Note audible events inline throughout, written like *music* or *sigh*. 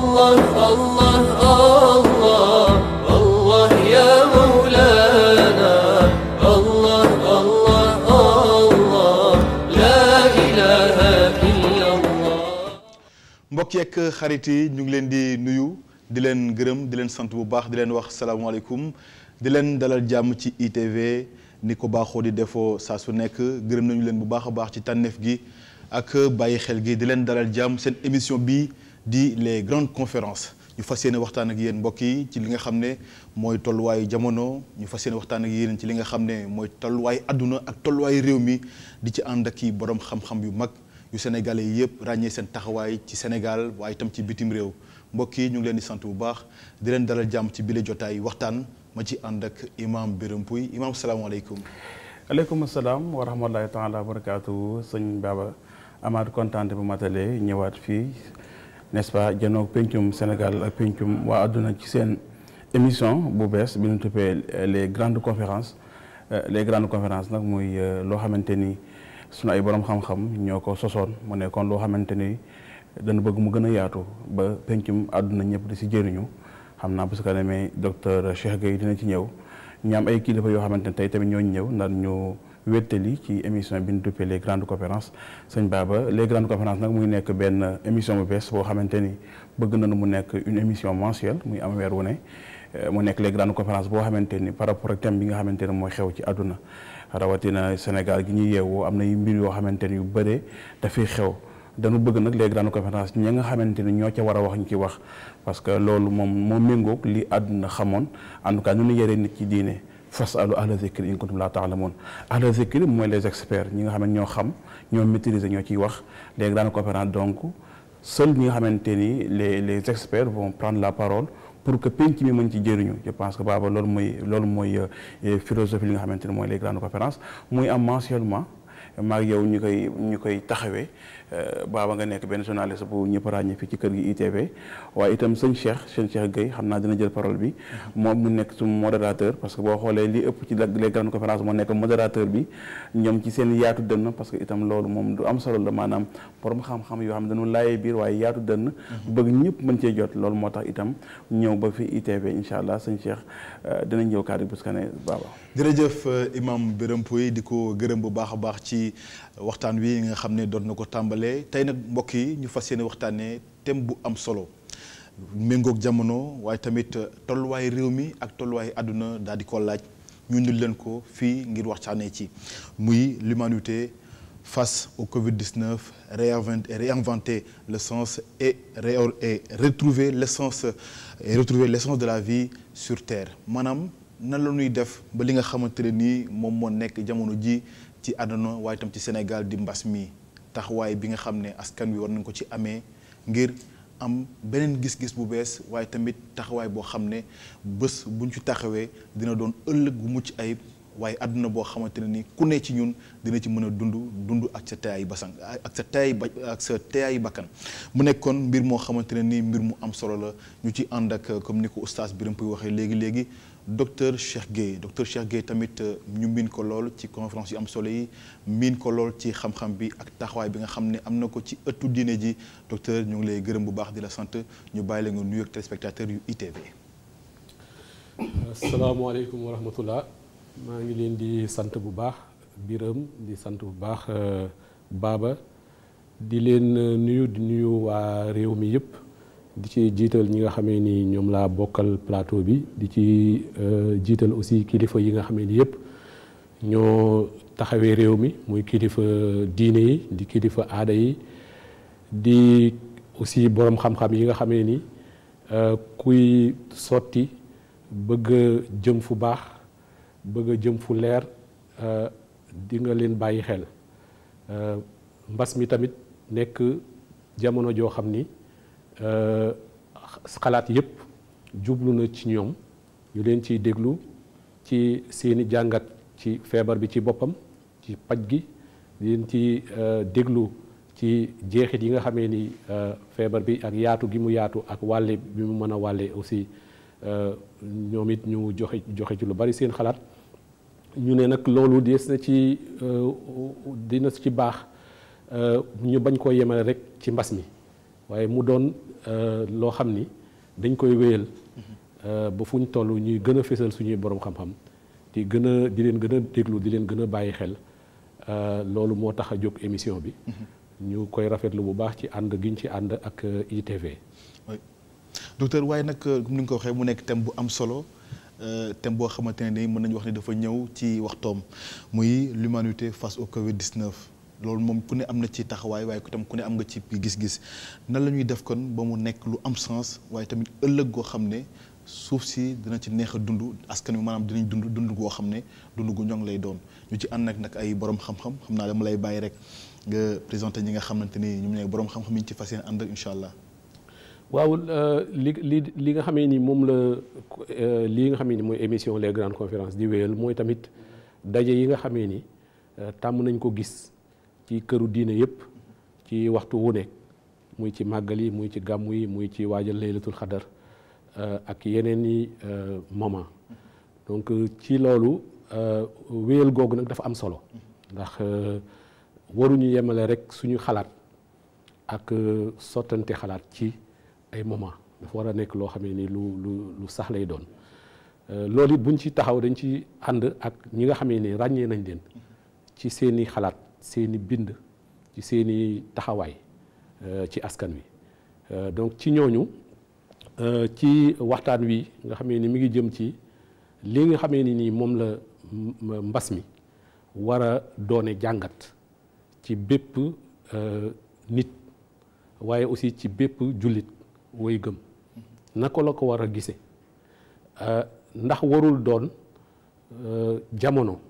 الله الله الله الله يا مولانا الله mbokk yeeg xarit yi ñu ngi leen di nuyu di leen gërëm di leen sant bu baax di leen wax salaamaaleykum di leen dalal jàmm ci ITV ni ko baaxoo di defoo saa su nekk gërëm nañu leen bu baax a baax ci tànneef gi ak bàyyi xel gi di leen dalal jàmm seen émission bii di les grandes conférence ñu fas yéene waxtaan ak yéen mbokk yi ci li nga xam ne mooy tolluwaayu jamono ñu fas yéene waxtaan ak yéen ci li nga xam ne mooy tolluwaayu àdduna ak tolluwaayu réew mi di ci ànd ak i borom xam-xam yu mag yu sénégalais yëpp ràññee seen taxawaay ci Sénégal waaye itam ci bitim réew mbokk yi ñu ngi leen di sant bu baax di leen dalal jàmm ci bile jotaay waxtaan ma ci ànd ak imaam Birame Pouy imaam salaamaaleykum. aleykum salaam wa rahmatulahi taala wa barakaatu sëñ Baba Amath kontaan bu matalee ñëwaat fii. n'est-ce pas janoog pencum Sénégal ak pencum waa àdduna ci seen émission bu bees bi nu tuppee les grandes conférences euh, les grande conférences nag muy euh, loo xamante ni sunu ay borom xam-xam ñoo ko sosoon mu nekkoon loo xamante ni dañu bëgg mu gën a yaatu ba pencum àdduna ñëpp di si jëriñu xam naa bu su ko demee docteur Cheikh Gueye dina ci ñëw ñaam ay kilifa yoo xamante ni tey tamit ñooñu ñëw ndax ñu. wéttali ci émission bi ñu duppee les grandes conférences sëñ Baba les grandes conférences nag muy nekk benn émission bu bees boo xamante ni na nañu mu nekk une émission mensuelle muy am weer wu ne eh, mu nekk les grandes conférences boo xamante ni par rapport ak thème bi nga xamante ne mooy xew ci àdduna rawatina Sénégal gi ñuy yeewoo am na yu mbir yoo xamante ni yu bëree dafay xew dañu bëgg nag les grandes conférences ñi nga xamante ni ñoo ca war a wax ñu ci wax parce que loolu moom moo méngoog li àdduna xamoon en tout cas ñu nu yaree nit ci diine fasalu ahla zikri in kuntum laa taalamoon ahla zikri mooy les experts ñi nga xam ne ñoo xam ñoo maîtriser ñoo ciy wax léegi daana conférence donc seuls ñi nga xamante ni les les experts vont prendre la parole pour que penc mi mën ci jëriñu je pense que baaba loolu mooy loolu mooy euh, philosophie li nga xamante ni mooy les grandes conférences muy am mensuellement maag yow ñu koy ñu koy taxawee Euh, baaba nga nekk benn journaliste bu ñëpp ràññee fii ci kër gi ITV waaye itam sëñ Cheikh sëñ Cheikh Gueye xam naa dina jël parole bi moom mu nekk su modérateur parce que boo xoolee li ëpp ci les grandes conférences moo nekk modérateur bi ñoom ci seen yaatu dënn parce que itam loolu moom du am solo la maanaam borom xam-xam yoo xam dañu laayee biir waaye yaatu dënn mhm. bëgg ñëpp mën cee jot loolu moo tax itam ñëw ba fi ITV incha allah sëñ Cheikh euh, dinañ ñëw kàddu bu baaba jërëjëf euh, imam Birame Pouy di ko gërëm bu baax a baax ci waxtaan wi nga xam ne doon na ko tàmbalee tey nag mbokk yi ñu fas yéene waxtaanee thème bu am solo méngoog jamono waaye tamit tolluwaay réew mi ak tolluwaay àdduna daal di ko laaj ñu ndil leen ko fii ngir waxtaanee ci muy l'humanité face au Covid-19 réinventer le sens et ré et retrouver l'essence et retrouver l'essence de la vie sur terre maanaam nan la ñuy def ba li nga xamante nii moom moo nekk jamono ji ci àdduna waaye itam ci Sénégal di mbas mi taxawaay bi nga xam ne askan wi war nañ ko ci amee ngir am beneen gis-gis bu bees waaye tamit taxawaay boo xam ne bés buñ ci taxawee dina doon ëllëg bu mucc ayib waaye àdduna boo xamante ne ni ku ne ci ñun dina ci mën a dund dund ak sa teyaay basan ak sa teyaay ak sa teyaay bakkan mu nekkoon mbir moo xamante ne nii mbir mu am solo la ñu ci ànd ak comme ni ko oustaz Birame Pouy waxee léegi léegi docteur Cheikh Gueye docteur Cheikh Gueye tamit euh, ñu miin ko lool ci conférence yu am solo yi miin ko lool ci xam-xam bi ak taxawaay bi nga xam ne am na ko ci ëttu diine ji docteur ñu ngi lay gërëm bu baax di la sant ñu bàyyi la nga nuyu ak téléspectateur yu ITV. asalaamaaleykum wa rahmatullah maa ngi leen di sant bu baax Biram di sant bu baax euh, Baba di leen euh, nuyu di nuyu waa réew mi yëpp. di ci jiital ñi nga xamee ni ñoom laa bokkal plateau bi di ci euh, jiital aussi kilifa yi nga xamee ni yëpp ñoo taxawee réew mi muy kilifa diine yi di kilifa aada yi di aussi borom xam-xam yi nga xamee ni euh, kuy sotti bëgg jëm fu baax bëgg jëm fu leer euh, di nga leen bàyyi xel mbas mi tamit nekk jamono joo xam ni. Euh, xalaat yëpp jublu na ci ñoom ñu leen ci déglu ci seeni jàngat ci feebar bi ci boppam ci paj gi leen ci euh, déglu ci jeexit yi nga xamee ni euh, feebar bi ak yaatu gi mu yaatu ak wàlle bi mu mën a wàlle aussi ñoom it ñu joxe joxe ci lu bari seen xalaat ñu ne nag loolu des na ci dina ci baax ñu bañ koo yemale rek ci mbas mi waaye mu doon euh, loo xam ni dañ koy wéyal euh, ba fuñ ñu toll ñuy gën a fésal suñuy borom xam-xam di gën a di leen gën a déglu di leen gën a bàyyi xel euh, loolu moo tax a jóg émission bi. ñu koy rafetlu bu baax ci ànd giñ ci ànd ak ITV. docteur waaye nag ni nga ko waxee mu nekk thème bu am solo thème boo xamante ne mën nañu wax ne dafa ñëw ci waxtoom muy l'humanité face au Covid 19. loolu moom ku ne am na ci taxawaay waaye ku tam ku ne am nga ci gis-gis nan la ñuy def kon ba mu nekk lu am sens waaye tamit ëllëg goo xam ne suuf si dina ci neex a dund askan wi maanaam dinañ dund dund goo xam ne dund gu ñoŋ lay doon ñu ci ànd nag nag ay borom xam-xam xam naa dama lay bàyyi rek nga présenté ñi nga xamante ni ñoom ñooy borom xam-xam yi ci fas ànd incha allah. waaw euh, li li li nga xamee nii moom la euh, lii nga xamee ni mooy émission les grandes conférences di wéyal mooy daje yi nga xamee ni euh, tàmm nañ ko gis ci këru diine yëpp ci waxtu wu ne muy ci màggal yi muy ci gàmmu yi muy ci waajal laylatul xadar euh, ak yeneen i euh, moment donc euh, ci loolu wéyal googu nag dafa am solo ndax waruñu yemale rek suñu xalaat ak sottante xalaat ci ay moment dafa war a nekk loo xamee ni lu lu lu sax doon loolu it buñ ci taxaw dañ ci ànd ak ñi nga xamee ni ràññee nañ leen ci seeni xalaat seeni bind ci seeni taxawaay euh, ci askan wi euh, donc ci ñooñu euh, ci waxtaan wi nga xamee ni mi ngi jëm ci li nga xame ni nii moom la mbas mi war a doone jàngat ci bépp nit waaye aussi ci bépp jullit woy gëm naka la ko war a gisee ndax warul doon jamono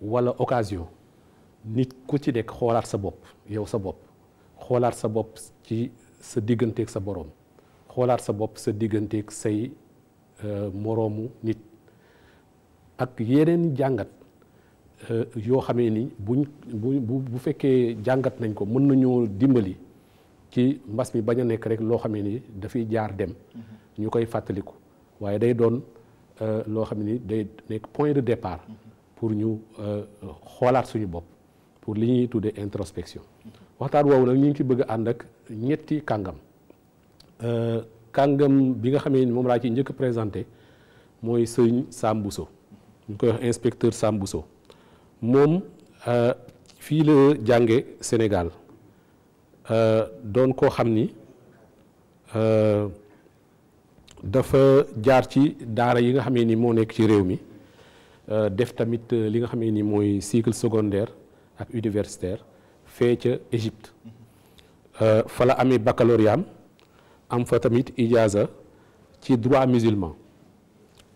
walla occasion nit ku ci nekk xoolaat sa bopp yow sa bopp xoolaat sa bopp ci sa digganteek sa boroom xoolaat sa bopp sa digganteeg say euh, moroomu nit ak yeneen jàngat euh, yoo xamee ni buñ bu bu fekkee jàngat nañ ko mën nañoo dimbali ci mbas mi bañ a nekk rek loo xamee ni dafay jaar dem mm-hmm. ñu koy fàttaliku waaye day doon euh, loo xam ni day nekk point de départ mm-hmm. pour ñu xoolaat suñu bopp pour li ñuy tuddee introspection waxtaan woowu nag ñu ngi ci bëgg ànd ak ñetti kàngam euh, kàngam bi nga xamee ni moom laa ci njëkk présenté mooy sëñ Sam Bousso ñu koy wax inspecteur Sam Bousso moom euh, fii la jànge Sénégal euh, doon koo xam ni dafa jaar ci daara yi nga xamee ni moo nekk ci réew mi def tamit li nga xamee ni mooy cycle secondaire ak universitaire fee ca Égypte euh, fa la amee baccalauréat am fa tamit ijaza ci droit musulman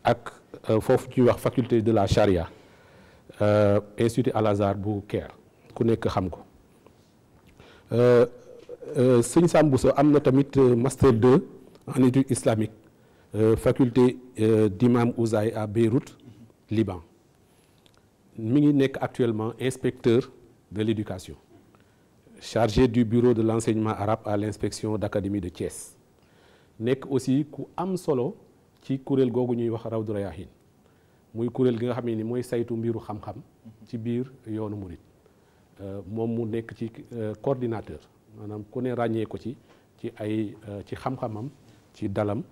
ak euh, foofu ñuy wax faculté de la charia euh, institut Al-Azhar bu Caire ku nekk xam ko sëñ Sambou Sow am na tamit master 2 en études islamiques faculté d'Imam Ouzaï à Beyrouth Liban mi ngi nekk actuellement inspecteur de l'éducation chargé du bureau de l'enseignement arabe à l'inspection d'académie de Thiès nekk aussi ku am solo ci kuréel googu ñuy wax raw Rawdu Rayaahin muy kuréel gi nga xam ne ni mooy saytu mbiru xam-xam ci biir yoonu murit euh, moom mu nekk ci euh, coordinateur maanaam ku ne ràññee ko ci ci ay euh, ci xam-xamam ci dalam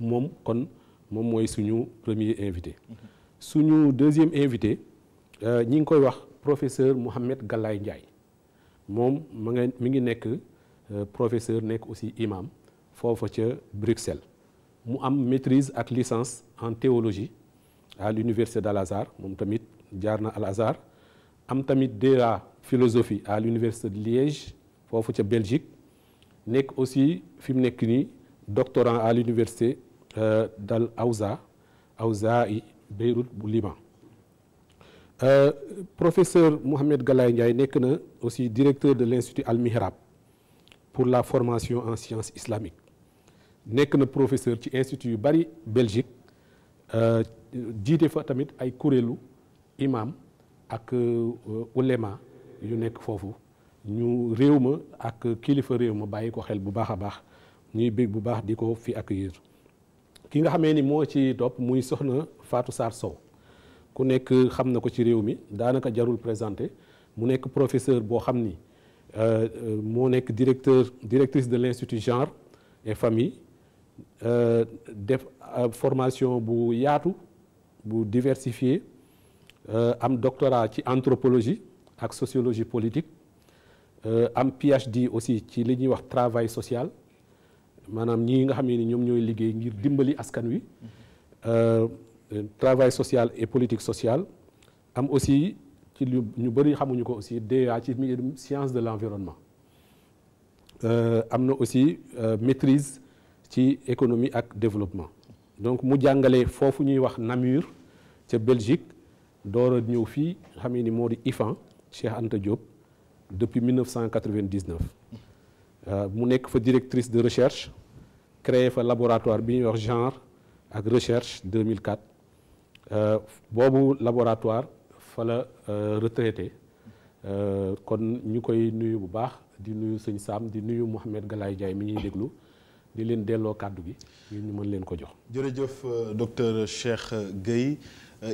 moom kon moom mooy suñu premier invité mm-hmm. suñu deuxième invité Euh, ñi ngi koy wax professeur Mouhamed gallay Ndiaye moom mu nga mi ngi nekk euh, professeur nekk aussi imam foofa ca Bruxelles mu am maitrise ak licence en théologie à l'université d'Al-Azhar moom tamit jaar na Al-Azhar am tamit DEA philosophie à l'université de Liège foofu ca Belgique nekk aussi fi mu nekk nii doctorant à l'université euh, dal Awza Awzaa'i Beyrouth bu liman Euh, professeur Mohamed Galaye Ndiaye nekk na aussi directeur de l'institut Al Mihrab pour la formation en sciences islamique nekk na professeur ci institut yu bari Belgique euh, jiite fa tamit ay kuréelu imam ak euh, ulema yu nekk foofu ñu réew ma ak kilifa réew ma bàyyi ko xel bu baax a baax ñuy bég bu baax di ko fi accueillir ki nga xame ni moo ci topp muy soxna faatu Sarr Sow ku nekk xam na ko ci réew mi daanaka jarul présenté mu nekk professeur boo xam ni euh, moo nekk directeur directrice de l'institut genre et famille euh, def euh, formation bu yaatu bu diversifiée am doctorat ci anthropologie ak sociologie politique am PhD aussi ci li ñuy wax travail social maanaam ñii nga xam ni ñoom ñooy liggéey ngir dimbali askan wi. Euh, travail social et politique sociale am aussi ci lu ñu bëri xamuñu ko aussi DEA ci mbirum science de l'environnement euh, am na aussi euh, maîtrise ci économie ak développement donc mu jàngale foofu ñuy wax namure ca Belgique door ñëw fii xamee ni moo di IFAN Cheikh Anta Diop depuis 1999 mu nekk fa directrice de recherche créé fa laboratoire bi ñuy wax genre ak recherche 2004 Euh, boobu laboratoire fa la euh, retraité euh, kon ñu koy nuyu bu baax di nuyu sëñ Saam di nuyu Mouhamed galaay Ndiaye mi ñuy déglu di leen delloo kàddu gi ñu mën leen ko jox. jërëjëf docteur Cheikh Guèye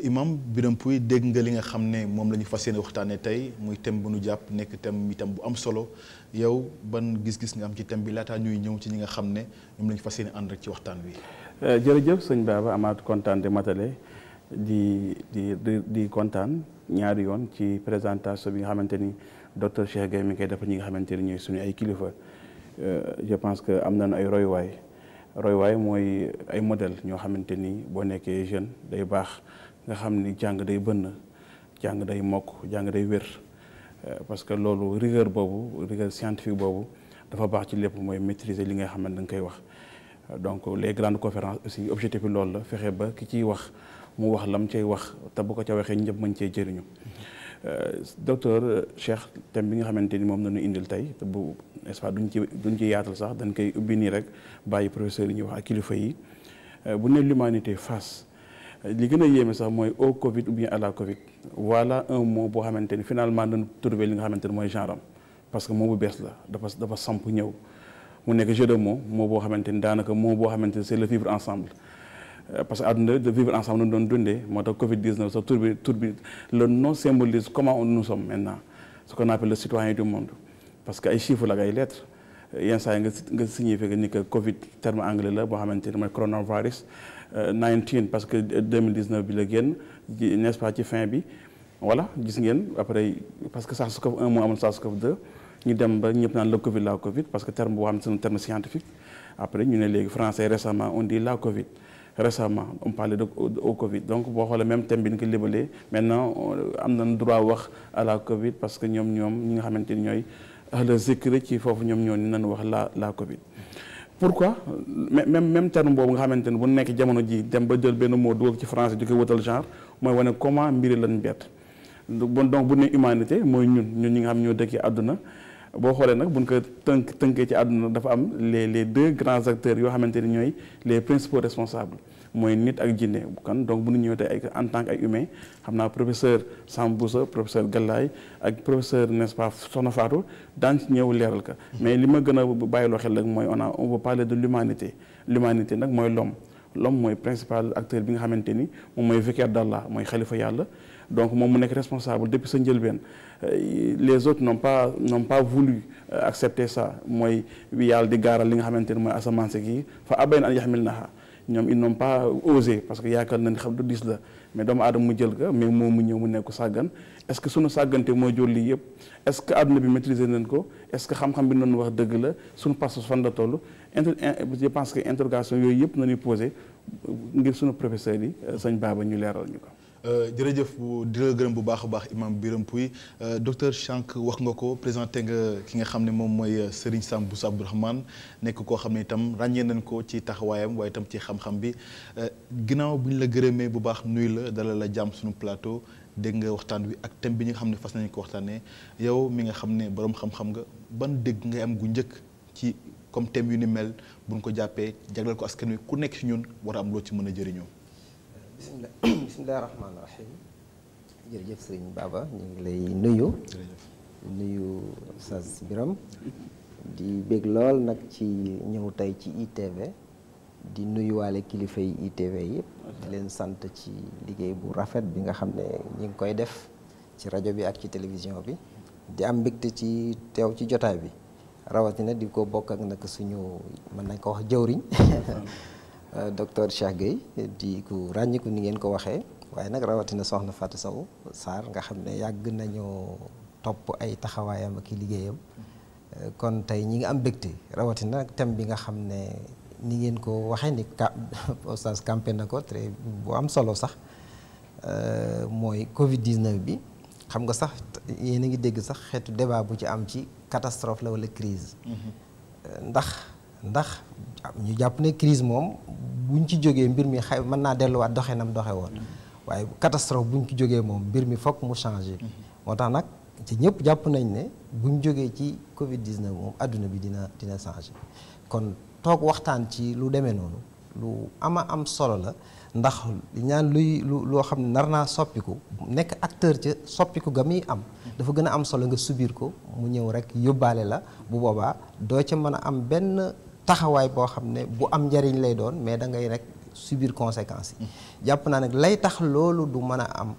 imam Biram Pouy dégg nga li nga xam ne moom la ñu fas yéene waxtaanee tey muy thème bu nu jàpp nekk thème itam bu am solo yow ban gis-gis nga am ci thème bi laataa ñuy ñëw ci ñi nga xam ne ñoom la fas yéene ànd ci waxtaan wi. jërëjëf sëñ Baba amaat kontaan di matale. di di di kontaan ñaari yoon ci présentation bi nga xamante ni docteur Cheikh Gueye mi ngi koy ñi nga xamante ni ñooy suñu ay kilifa euh, je pense que am nañu ay royuwaay royuwaay mooy ay modèle ñoo xamante ni boo nekkee jeune day baax nga xam ni jàng day bënn jàng day mokk jàng day wér euh, parce que loolu rigueur boobu rigueur scientifique boobu dafa baax ci lépp mooy maîtriser li ngay xamante da nga koy wax euh, donc les grandes conférences aussi objectif bi loolu la fexe ba ki ciy wax mu wax lam cee wax te bu ko ca waxee ñëpp mën cee jëriñu euh, docteur euh, Cheikh thème bi nga xamante ni moom nañu indil tey bu n'est-ce pas duñ ci duñ ci yaatal sax dañ koy ubbi nii rek bàyyi professeur yi ñuy wax ak kilifa yi euh, bu ne l'humanité face li gën a yéeme sax mooy au Covid ou bien la Covid voilà un mot boo xamante ni finalement dañu trouvé li nga xamante ni mooy genre am parce que moo bu bees la dafa dafa samp ñëw mu nekk jeu de mots moo boo xamante ni daanaka moo boo xamante ni c'est le vivre ensemble Euh, parce que àdduna de vivre ensemble nu doon dundee moo que ay chiffres la ak ay euh, yi ni que Covid terme la boo xamante ni mooy coronavirus 19 euh, parce que 2019 bi fin bi gis ngeen après parce que ñu dem ba ñëpp naan la Covid la Covid parce que terme boo xam ne c'est un terme scientifique après ñu ne léegi français récemment on dit Covid. récemment on parlait de au Covid donc boo xoolee même thème bi ñu ko libalee maintenant euh, am nañ droit wax à la Covid parce que ñoom ñoom ñi nga xamante ni ñooy ahla zikri ci foofu ñoom ñoo nañ wax la la Covid. pourquoi même même terme boobu nga xamante ni bu nekk jamono ji dem ba jël benn mot dugal ci français di ko wëtal genre mooy wane comment mbiri lañ bett bon donc bu ne humanité mooy ñun ñun ñi nga xam ñoo dëkkee àdduna. boo xoolee nag bu buñ ko tënk tënkee ci àdduna dafa am les les deux grands acteurs yoo xamante ni ñooy les principaux responsables mooy nit ak jinne kan donc bu nu ñëwee tey ay en tant que ay humain xam naa professeur Sambousa professeur Gallaay ak professeur n'est-ce pas Soxna Fatou daan ci ñëw leeral ka mais li ma gën a loo xel rek mooy on a on veut parler de l'humanité l'humanité nag mooy l'homme l'homme mooy principal acteur bi nga xamante ni moom mooy vicaire d'Allah mooy xalifa yàlla donc moom mu nekk responsable depuis sa njëlbeen euh, les autres n'ont pas n'ont pas voulu euh, accepter ça mooy yàlla di gaaral li nga xamante ne mooy asamaan si kii fa abayn an yahmilnaha ñoom ils n'ont parce que yaakaar nañ xam du dis la mais doomu aadama mu jël ka mais moom mu ñëw mu nekk sàggan est-ce que sunu sàggante mooy jur lii yëpp est-ce que àdduna bi maîtriser nañ ko est-ce que xam-xam bi noonu wax dëgg la sunu passe fan la toll inter je pense que interrogation yooyu yëpp nañuy posé ngir sunu professeur yi euh, sëñ Baba ñu leeral ñu ko. Euh, jërëjëf bu di la gërëm bu baax a baax imam Biram Pouy euh, docteur Chank wax nga ko présenté nga ki nga xam ne moom mooy euh, Serigne Sam Bousso Abdourahmane nekk koo xam ne itam ràññee nañ ko ci taxawaayam waaye itam ci xam-xam bi ginnaaw bu ñu la gërëmee bu baax nuyu la dalal la jàmm suñu plateau dégg nga waxtaan wi ak thème bi ñu xam ne fas nañ ko waxtaanee yow mi nga xam ne borom xam-xam nga ban dégg ngay am gu njëkk ci comme thème yu ni mel bu buñ ko jàppee jagleel ko askan wi ku nekk si ñun war a am loo ci mën a jëriñoo. bisimilah *clears throat* bisimilah rahmaani rahim jërëjëf sëriñ Baba ñu ngi lay nuyu nuyu Oustaz Birame di bég lool nag ci ñëw tey ci ITV di nuyuwaale kilifa yi ITV yi di leen sant ci liggéey bu rafet bi nga xam ne ñu ngi koy def ci rajo bi ak ci télévision bi di am mbégte ci teew ci jotaay bi rawatina di ko bokk ak nag suñu mën nañ ko wax jëwriñ *laughs* Euh, docteur Cheikh Gueye di ku ràññiku ni ngeen ko waxee waaye nag rawatina soxna Fatou saw Sarr nga xam ne yàgg nañoo topp ay taxawaayam ak i liggéeyam euh, kon tey ñi ngi am bégte rawatina thème bi nga xam ne ni ngeen ko waxee ni ka campe *laughs* na ko très bu am solo sax euh, mooy Covid 19 bi xam nga sax yéen a ngi dégg sax xeetu débat bu ci am ci catastrophe la walla crise mm-hmm. ndax. ndax ñu jàpp ne crise moom buñ ci jógee mbir mi xay mën naa delluwaat doxe nam doxe woon waaye catastrophe buñ ci jógee moom mbir mi fokk mu changé moo tax nag ci ñëpp jàpp nañ ne bu ñu jógee ci Covid 19 moom àdduna bi dina dina changé kon toog waxtaan ci lu demee noonu lu ama am solo la ndax ñaan luy lu loo xam ne nar naa soppiku nekk acteur ca soppiku ga muy am dafa gën a am solo nga subir ko mu ñëw rek yóbbaale la bu boobaa doo ca mën a am benn taxawaay boo xam ne bu am njariñ lay doon mais da ngay rek subir conséquences yi jàpp naa nag lay tax loolu du mën a am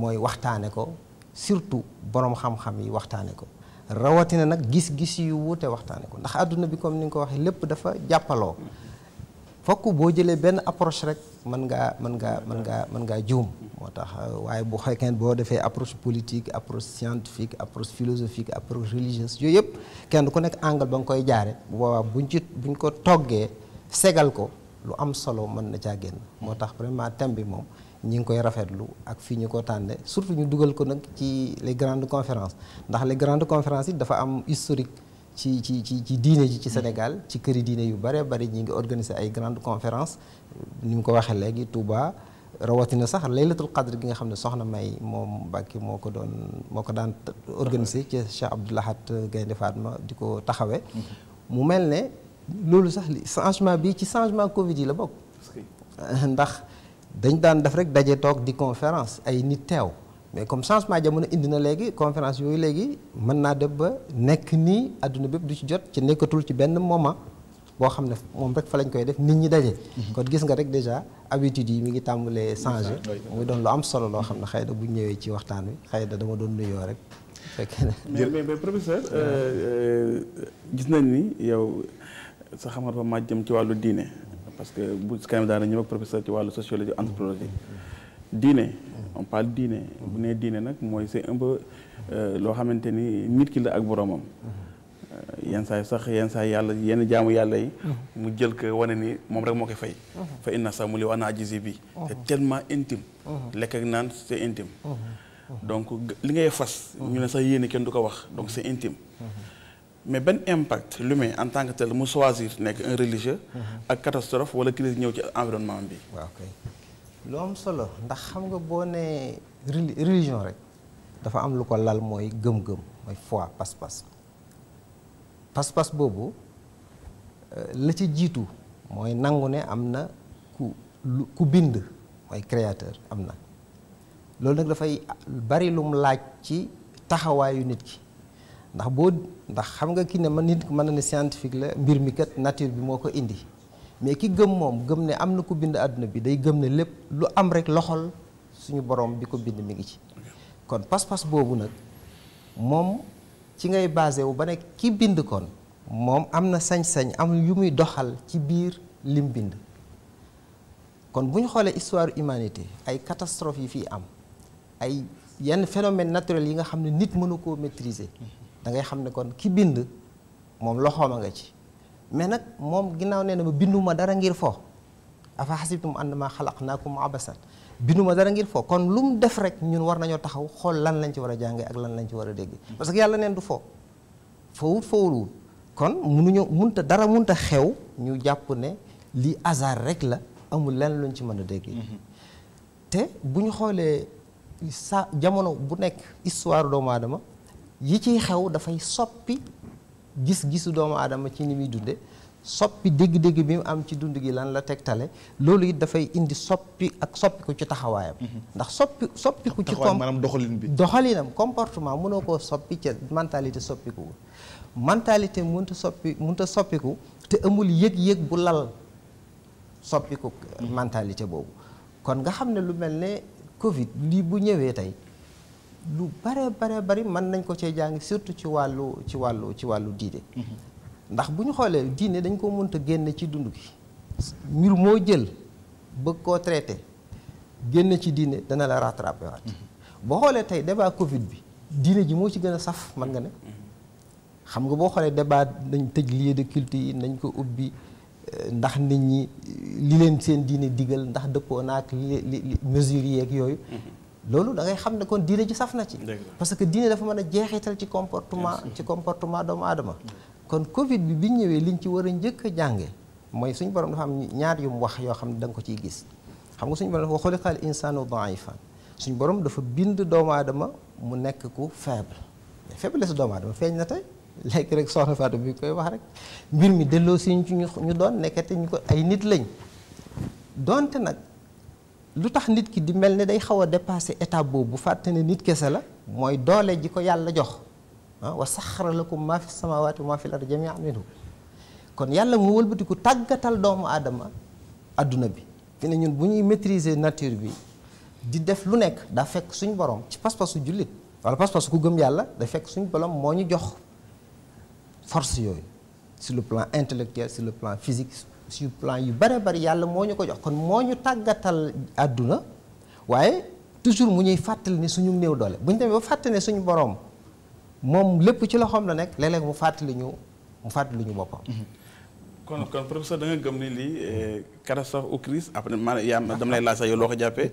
mooy waxtaane ko surtout boroom xam-xam yi waxtaane ko rawatina nag gis-gis yu wuute waxtaane ko ndax àdduna bi comme ni nga ko waxee lépp dafa jàppaloo fokk boo jëlee benn approche rek mën ngaa mën ngaa mën ngaa mën ngaa juum moo tax euh, waaye bu fekkee boo defee approche politique approche scientifique approche philosophique approche religieuse yooyu yëpp kenn ku nekk angle ba nga koy jaare bu boobaa buñ ci buñ ko toggee segal ko lu am solo mën na caa génn moo tax vraiment thème bi moom ñi ngi koy rafetlu ak fii ñu ko tànne surtout ñu dugal ko nag ci les grandes conférences ndax les grandes conférences yi dafa am historique ci ci ci ci diine ji ci Sénégal ci këri diine yu bare bari ñi ngi organiser ay grandes conférences ni mu ko waxee léegi Touba. rawatina sax laylatul qadr gi nga xam ne soxna May moom Mbàkke moo ko doon moo ko daan organisé ci Cheikh Abdoul Ahad Gaynde Fatma di ko taxawe mu mel ne loolu sax li changement bi ci changement Covid yi la bokk. *laughs* ndax dañ daan def rek daje toog di conférence ay nit teew mais comme changement jamono indi na léegi conférence yooyu léegi mën naa dem ba nekk nii àdduna bépp du ci jot ci nekkatul ci benn moment. boo xam ne moom rek fa lañ koy def nit ñi daje. kon gis nga rek déjà habitude yi mi ngi tàmbalee changé. muy doon lu am solo loo xam ne xay na bu ñëwee ci waxtaan wi xëy na dama doon nuyoo rek. fekkee ne mais mais professeur euh, euh, gis nañ ni yow sa xam-xam dafa màcc jëm ci wàllu diine. parce que bu si kanam daana ñëw ak professeur ci wàllu sociologie anthropologie diine on parle diine bu nee diine nag mooy c'est un peu euh, loo xamante ni nit ki la ak boroomam Euh, yenn saay sax yenn saay yàlla yenn jaamu yàlla yi mu jël ko wane ni moom rek moo koy fay fa inna sa mu li ana ajisi bi c'est tellement intime lekk ak naan c'est intime donc li ngay fas ñu ne sax yéene kenn du ko wax donc c'est intime mais benn impact l'humain en tant que tel mu choisir nekk un religieux ak catastrophe wala crise ñëw ci environnement bi waaw kay lu am solo ndax xam nga boo ne religion rek dafa am lu ko lal mooy gëm-gëm mooy foi pas pas-pas boobu euh, la ci jiitu mooy nangu ne am na ku ku bind mooy créateur am na loolu nag dafay bari lum laaj ci taxawaayu nit ki ndax boo ndax xam nga ki ne man nit mën na ne scientifique la mbir mi kat nature bi moo ko indi mais ki gëm moom gëm ne am na ku bind àdduna bi day gëm ne lépp lu am rek loxol suñu borom bi ko bind mi ngi ci kon pas-pas boobu nag moom ci ngay basé wu ba ne ki bind kon moom am na sañ-sañ am yu muy doxal ci biir lim bind kon bu ñu xoolee histoire humanité ay catastrophe yi fii am ay yenn phénomène naturel yi nga xam ne nit mënu koo maîtriser da ngay xam ne kon ki bind moom loxoom a nga ci mais nag moom ginnaaw nee na ma binduma dara ngir fo afa naa ko mu abasan binduma dara ngir fo kon lu mu def rek ñun war nañoo taxaw xool lan lañ ci war a jànge ak lan lañ ci war a dégg parce que yàlla neen du fo fowut fowul kon munuñu munta dara munta xew ñu jàpp ne lii hasard rek la amul lenn luñ ci mën a dégge mhm. te bu ñu xoolee sa jamono bu nekk histoire doomu aadama yi ciy xew dafay soppi gis-gisu doomu aadama ci ni muy dunde soppi dégg-dégg bi mu am ci dund gi lan la tegtale loolu it dafay indi soppi ak soppiku ci taxawaayam mhm. ndax soppi soppiku ci com maanaam doxalin bi doxalinam comportement mënoo koo soppi ca mentalité soppiku mentalité mënta soppi mënta soppiku te amul yëg-yëg bu lal soppiku mantalité mhm. boobu kon nga xam ne lu mel ne covid lii bu ñëwee tey lu bare bare bari mën nañ ko cee jàng surtout ci wàllu ci wàllu ci wàllu diide mhm. ndax bu ñu xoolee diine dañ ko mënta génne ci dund gi mbir moo jël bëgg koo traité génne ci diine dana la rattrapé waat mm-hmm. boo xoolee tey débat Covid bi diine ji moo ci gën a saf man nga ne mm-hmm. xam nga boo xoolee débat nañ tëj lieu de culte yi ko ubbi euh, ndax nit ñi euh, li leen seen diine digal ndax dëppoo naa ak li li mesures yeeg yooyu mm-hmm. loolu dangay xam ne kon diine ji saf na ci parce que diine dafa man a jeexital ci comportement ci comportement doomu aadama kon Covid bi bi ñëwee liñ ci war a njëkk a jànge mooy suñu borom dafa am ñaar yu wax yoo xam ne da nga ko ciy gis xam nga suñu borom dafa xuliqal insaanu daifan suñu borom dafa bind doomu aadama mu nekk ku faible mais faiblesse doomu aadama feeñ na tey lekk rek soxna Fatou bi koy wax rek mbir mi delloo si ñu ñu doon nekkati ñu ko ay nit lañ donte nag lu tax nit ki di mel ni day xaw a dépassé état boobu bu fàtte ne nit kese la mooy doole ji ko yàlla jox. Ah, wa saxara lakum maa fi samaawaati wa maa fi la l ard jamian minhu kon yàlla mu wëlbatiku tàggatal doomu aadama àdduna bi fi ne ñun bu ñuy maîtriser nature bi di def lu nekk daa fekk suñu borom ci pas su jullit wala pas-pasu ku gëm yàlla da fekk suñu borom moo ñu jox force yooyu si lu plan intellectuel si le plan physique sur plan yu bare bari yàlla moo ñu ko jox kon moo ñu tàggatal àdduna waaye toujours mu ñuy fàttali ni suñu néew doole bu ñu demee ba suñu borom moom lépp ci loxoom la nekk léeg-léeg mu fàttali ñu mu fàttali ñu boppam. Mhm. kon kon professeur da nga gëm ni lii eh, catastrophe ou crise après maanaam yaa dama lay laaj sax yow loo ko jàppee.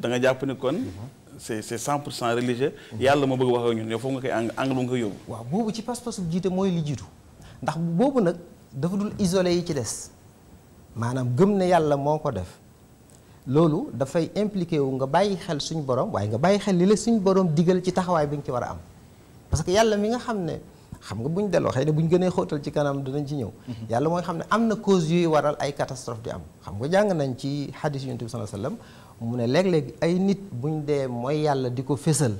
da nga jàpp ni kon. Mhm. c'est c'est cent pour cent religieux. yàlla moo bëgg wax ak ñun yow foofu nga koy angle bu nga koy yóbbu. waaw boobu ci pas-pasu jiite mooy li jiitu ndax boobu nag dafa dul isolé yi ci des maanaam gëm ne yàlla moo ko def loolu dafay impliqué wu nga bàyyi xel suñu borom waaye nga bàyyi xel li la suñu borom digal ci taxawaay bi ci war a am. parce que yàlla mi nga xam ne xam nga bu ñu delloo xëy ne bu ñu gënee xootal ci kanam dinañ ci ñëw mm-hmm. yàlla mooy xam ne am na cause yuy waral ay catastrophe di am xam nga jàng nañ ci xadis yonent bi sallallahu alayhi mu ne léeg-léeg ay nit buñ dee mooy yàlla di ko fésal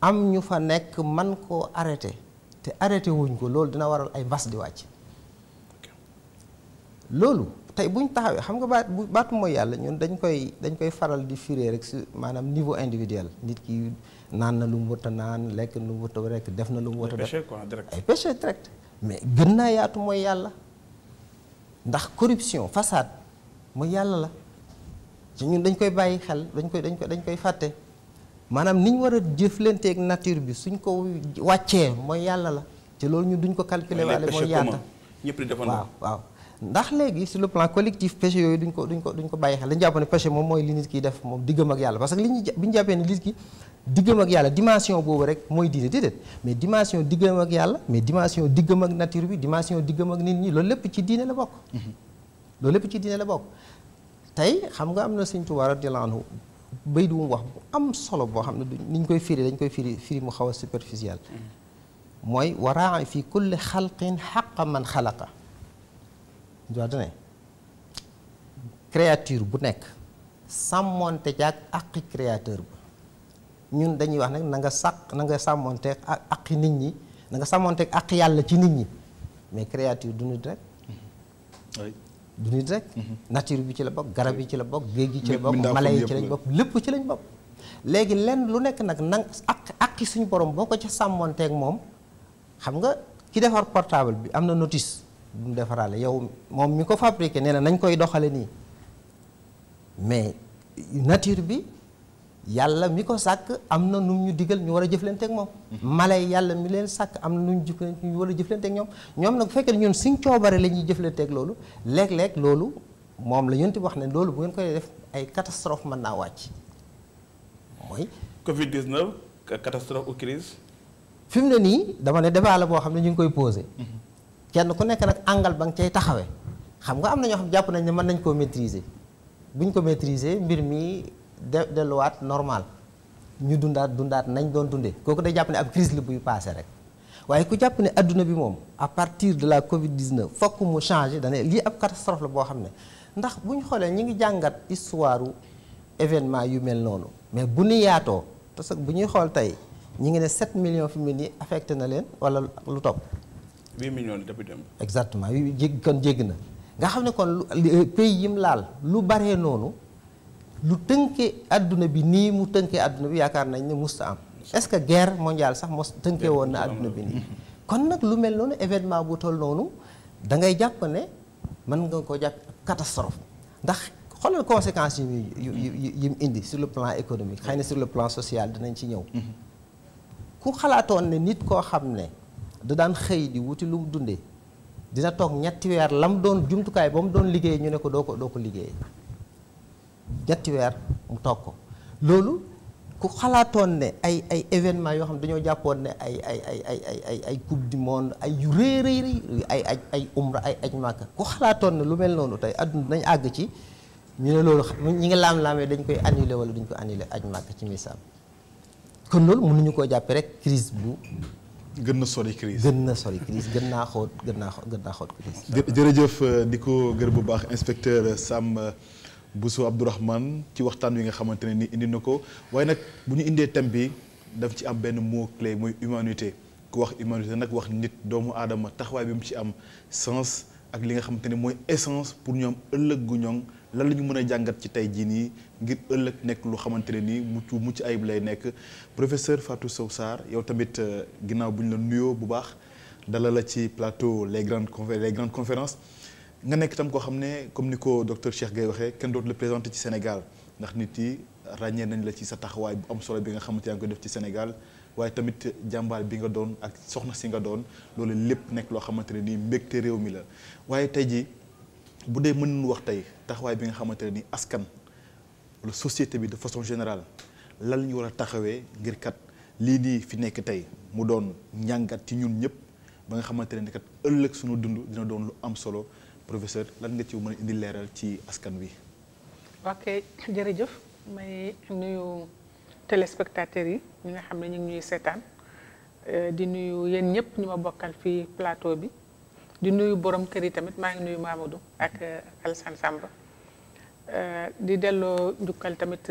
am ñu fa nekk man koo arrêté te arrêté wuñ ko loolu dina waral ay mbas di wàcc loolu tey buñ taxawee xam nga baat baatu mooy yàlla ñun dañ koy dañ koy faral di firee rek si maanaam niveau individuel nit ki naan na lu mu wut a naan lekk lu mu wut a lekk def na lu mu wut a def ay péché direct mais gën naa yaatu mooy yàlla ndax corruption façade mooy yàlla la ci ñun dañ koy bàyyi xel dañ koy a jëflanteeg nature bi suñ ko wàccee mooy yàlla la ci loolu ñu duñ ko calculer waale mooy yaata waaw waaw ndax léegi sur le plan collectif péché yooyu duñ ko duñ ko duñ ko bàyyi xel dañu jàpp ne moom mooy li nit ki def moom diggam ak yàlla parce que li ñu jàppee ne nit ki diggam ak yàlla dimension boobu rek mooy diine déedéet mais dimension diggam ak yàlla mais dimension diggam ak nature bi dimension diggam ak nit ñi loolu lépp ci diine la bokk. Mhm. loolu lépp ci diine la bokk tey xam nga am na sëñ Tuubaa radiyallaahu anhu bay du mu wax bu am solo boo xam ne du ni ñu koy firi dañ koy firi firi mu xaw a superficiel. Mhm. mooy waraa fi kulli xalqin xaqa man xalaqa. jooju créature bu nekk sàmmoonte jaag àqi créateur bi. ñun dañuy wax nag na nga sàq na nga sàmmonteeg ak aqi nit ñi na nga sàmmonteeg aq yàlla ci nit ñi mais créature du nit rek du nit rek mhm. bi ci la bokk garab yi ci la bokk géej gi ci la bokk mala yi ci lañ bokk lépp ci lañ bokk léegi lenn lu nekk nag nang ak aqi suñu borom boo ko ca sàmmonteeg moom xam nga ki defar portable bi am na notice bu mu defaraale yow moom mi ko fabriqué nee na nañ koy doxale nii mais nature bi yàlla mi ko sàkk am na nu ñu digal ñu war a jëflante ak moom mala yi yàlla mi leen sàkk am na nu ñu jëflante ñu war a jëflante ak ñoom ñoom nag bu fekkee ñun suñ coobare la ñuy jëflante ak loolu léeg-léeg loolu moom la ñun ti wax ne loolu bu ngeen koy def ay catastrophe mën naa wàcc mooy covid 19 catastrophe ou crise fi mu ne nii dama ne débat la boo xam ne ñu ngi koy posé mhm. kenn ku nekk nag àngal ba nga cay taxawee xam nga am na ñoo xam jàpp nañ ne mën nañ koo maîtriser buñ ko maîtriser mbir mi de delluwaat normal ñu dundaat dundaat nañ doon dundee kooku day jàpp ne ab crise la buy paase rek waaye ku jàpp ne àdduna bi moom à partir de la Covid 19 fokk mu changé dane lii ab catastrophe la boo xam ne ndax bu ñu xoolee ñu ngi jàngat histoire événement yu mel noonu mais bu ñu yaatoo te sax bu ñuy xool tey ñu ngi ne 7 million fi mu ne nii affecté na leen wala lu topp. 8 millions depuis dem. exactement kon jégg na nga xam ne kon pays yim laal lu baree noonu. lu tënkee adduna bi nii mu tënkee adduna bi yaakaar nañ ne musta am est-ce que guerre mondiale sax mos tënkee woon na adduna bi nii kon nag lu mel noonu événement bu toll noonu dangay jàpp ne mën nga ko jàpp catastrophe ndax xoolal conséquences yu muy yi mu indi sur le plan économique xay na sur le plan social dinañ ci ñëw mhm. ku xalaatoon ne nit koo xam ne da daan xëy di wuti lu dundee dina toog ñetti weer lam doon jumtukaay ba mu doon liggéey ñu ne ko doo ko doo ko liggéey ñetti weer mu toog ko loolu ku xalaatoon ne ay ay événement yoo xam ne dañoo jàppoon ne ay ay ay ay ay ay ay coupe du monde ay yu rëy rëy ay ay ay umra ay aj màkka ku xalaatoon ne lu mel noonu tey adduna dañ àgg ci ñu ne loolu ñu ngi laam-laamee dañ koy annulé wala dañ ko annulé ay màkka ci misaal kon loolu mënuñu koo jàppee rek crise bu gën na sori crise gën na sori crise gën naa xóot gën naa xóot gën naa xóot crise jërëjëf euh, di ko gër bu baax inspecteur Sam euh, bu Bousso Abdourahmane ci waxtaan wi nga xamante ne ni indi na ko waaye nag bu ñu indee thème bi daf ci am benn mot clé muy humanité ku wax humanité nag wax nit doomu aadama taxawaay bi mu ci am sens ak li nga xamante ne mooy essence pour ñoom ëllëg gu ñoŋ lan la ñu mën a jàngat ci tey jii nii ngir ëllëg nekk lu xamante ne nii mucc mucc ayib lay nekk professeur Fatou Sow yow tamit euh, ginnaaw bu ñu la nuyoo bu baax dalal la ci plateau les grandes les grandes conférences. nga nekk tam koo xam ne comme ni ko docteur Cheikh gay waxee kenn dootu la présenté ci Sénégal ndax nit yi ràññee nañ la ci sa taxawaay bu am solo bi nga xamante yaa ngi ko def ci Sénégal waaye tamit jàmbaar bi nga doon ak soxna si nga doon loolu lépp nekk loo xamante ne nii mbégte réew mi la waaye tey jii bu dee mën nañu wax tey taxawaay bi nga xamante ne nii askan wala société bi de façon général lan ñu war a taxawee ngir kat lii nii fi nekk tey mu doon njàngat ci ñun ñëpp ba nga xamante ne kat ëllëg suñu dund dina doon lu am solo professeur lan nga ci mën a indi leeral ci askan wi. ok jërëjëf may nuyu téléspectateurs yi ñi nga xam ne ñu ngi ñuy seetaan euh, di nuyu yéen ñëpp ñu ma bokkal fii plateau bi di nuyu borom kër yi tamit maa ngi nuyu Mamadou ak euh, Alassane Samba euh, di delloo njukkal tamit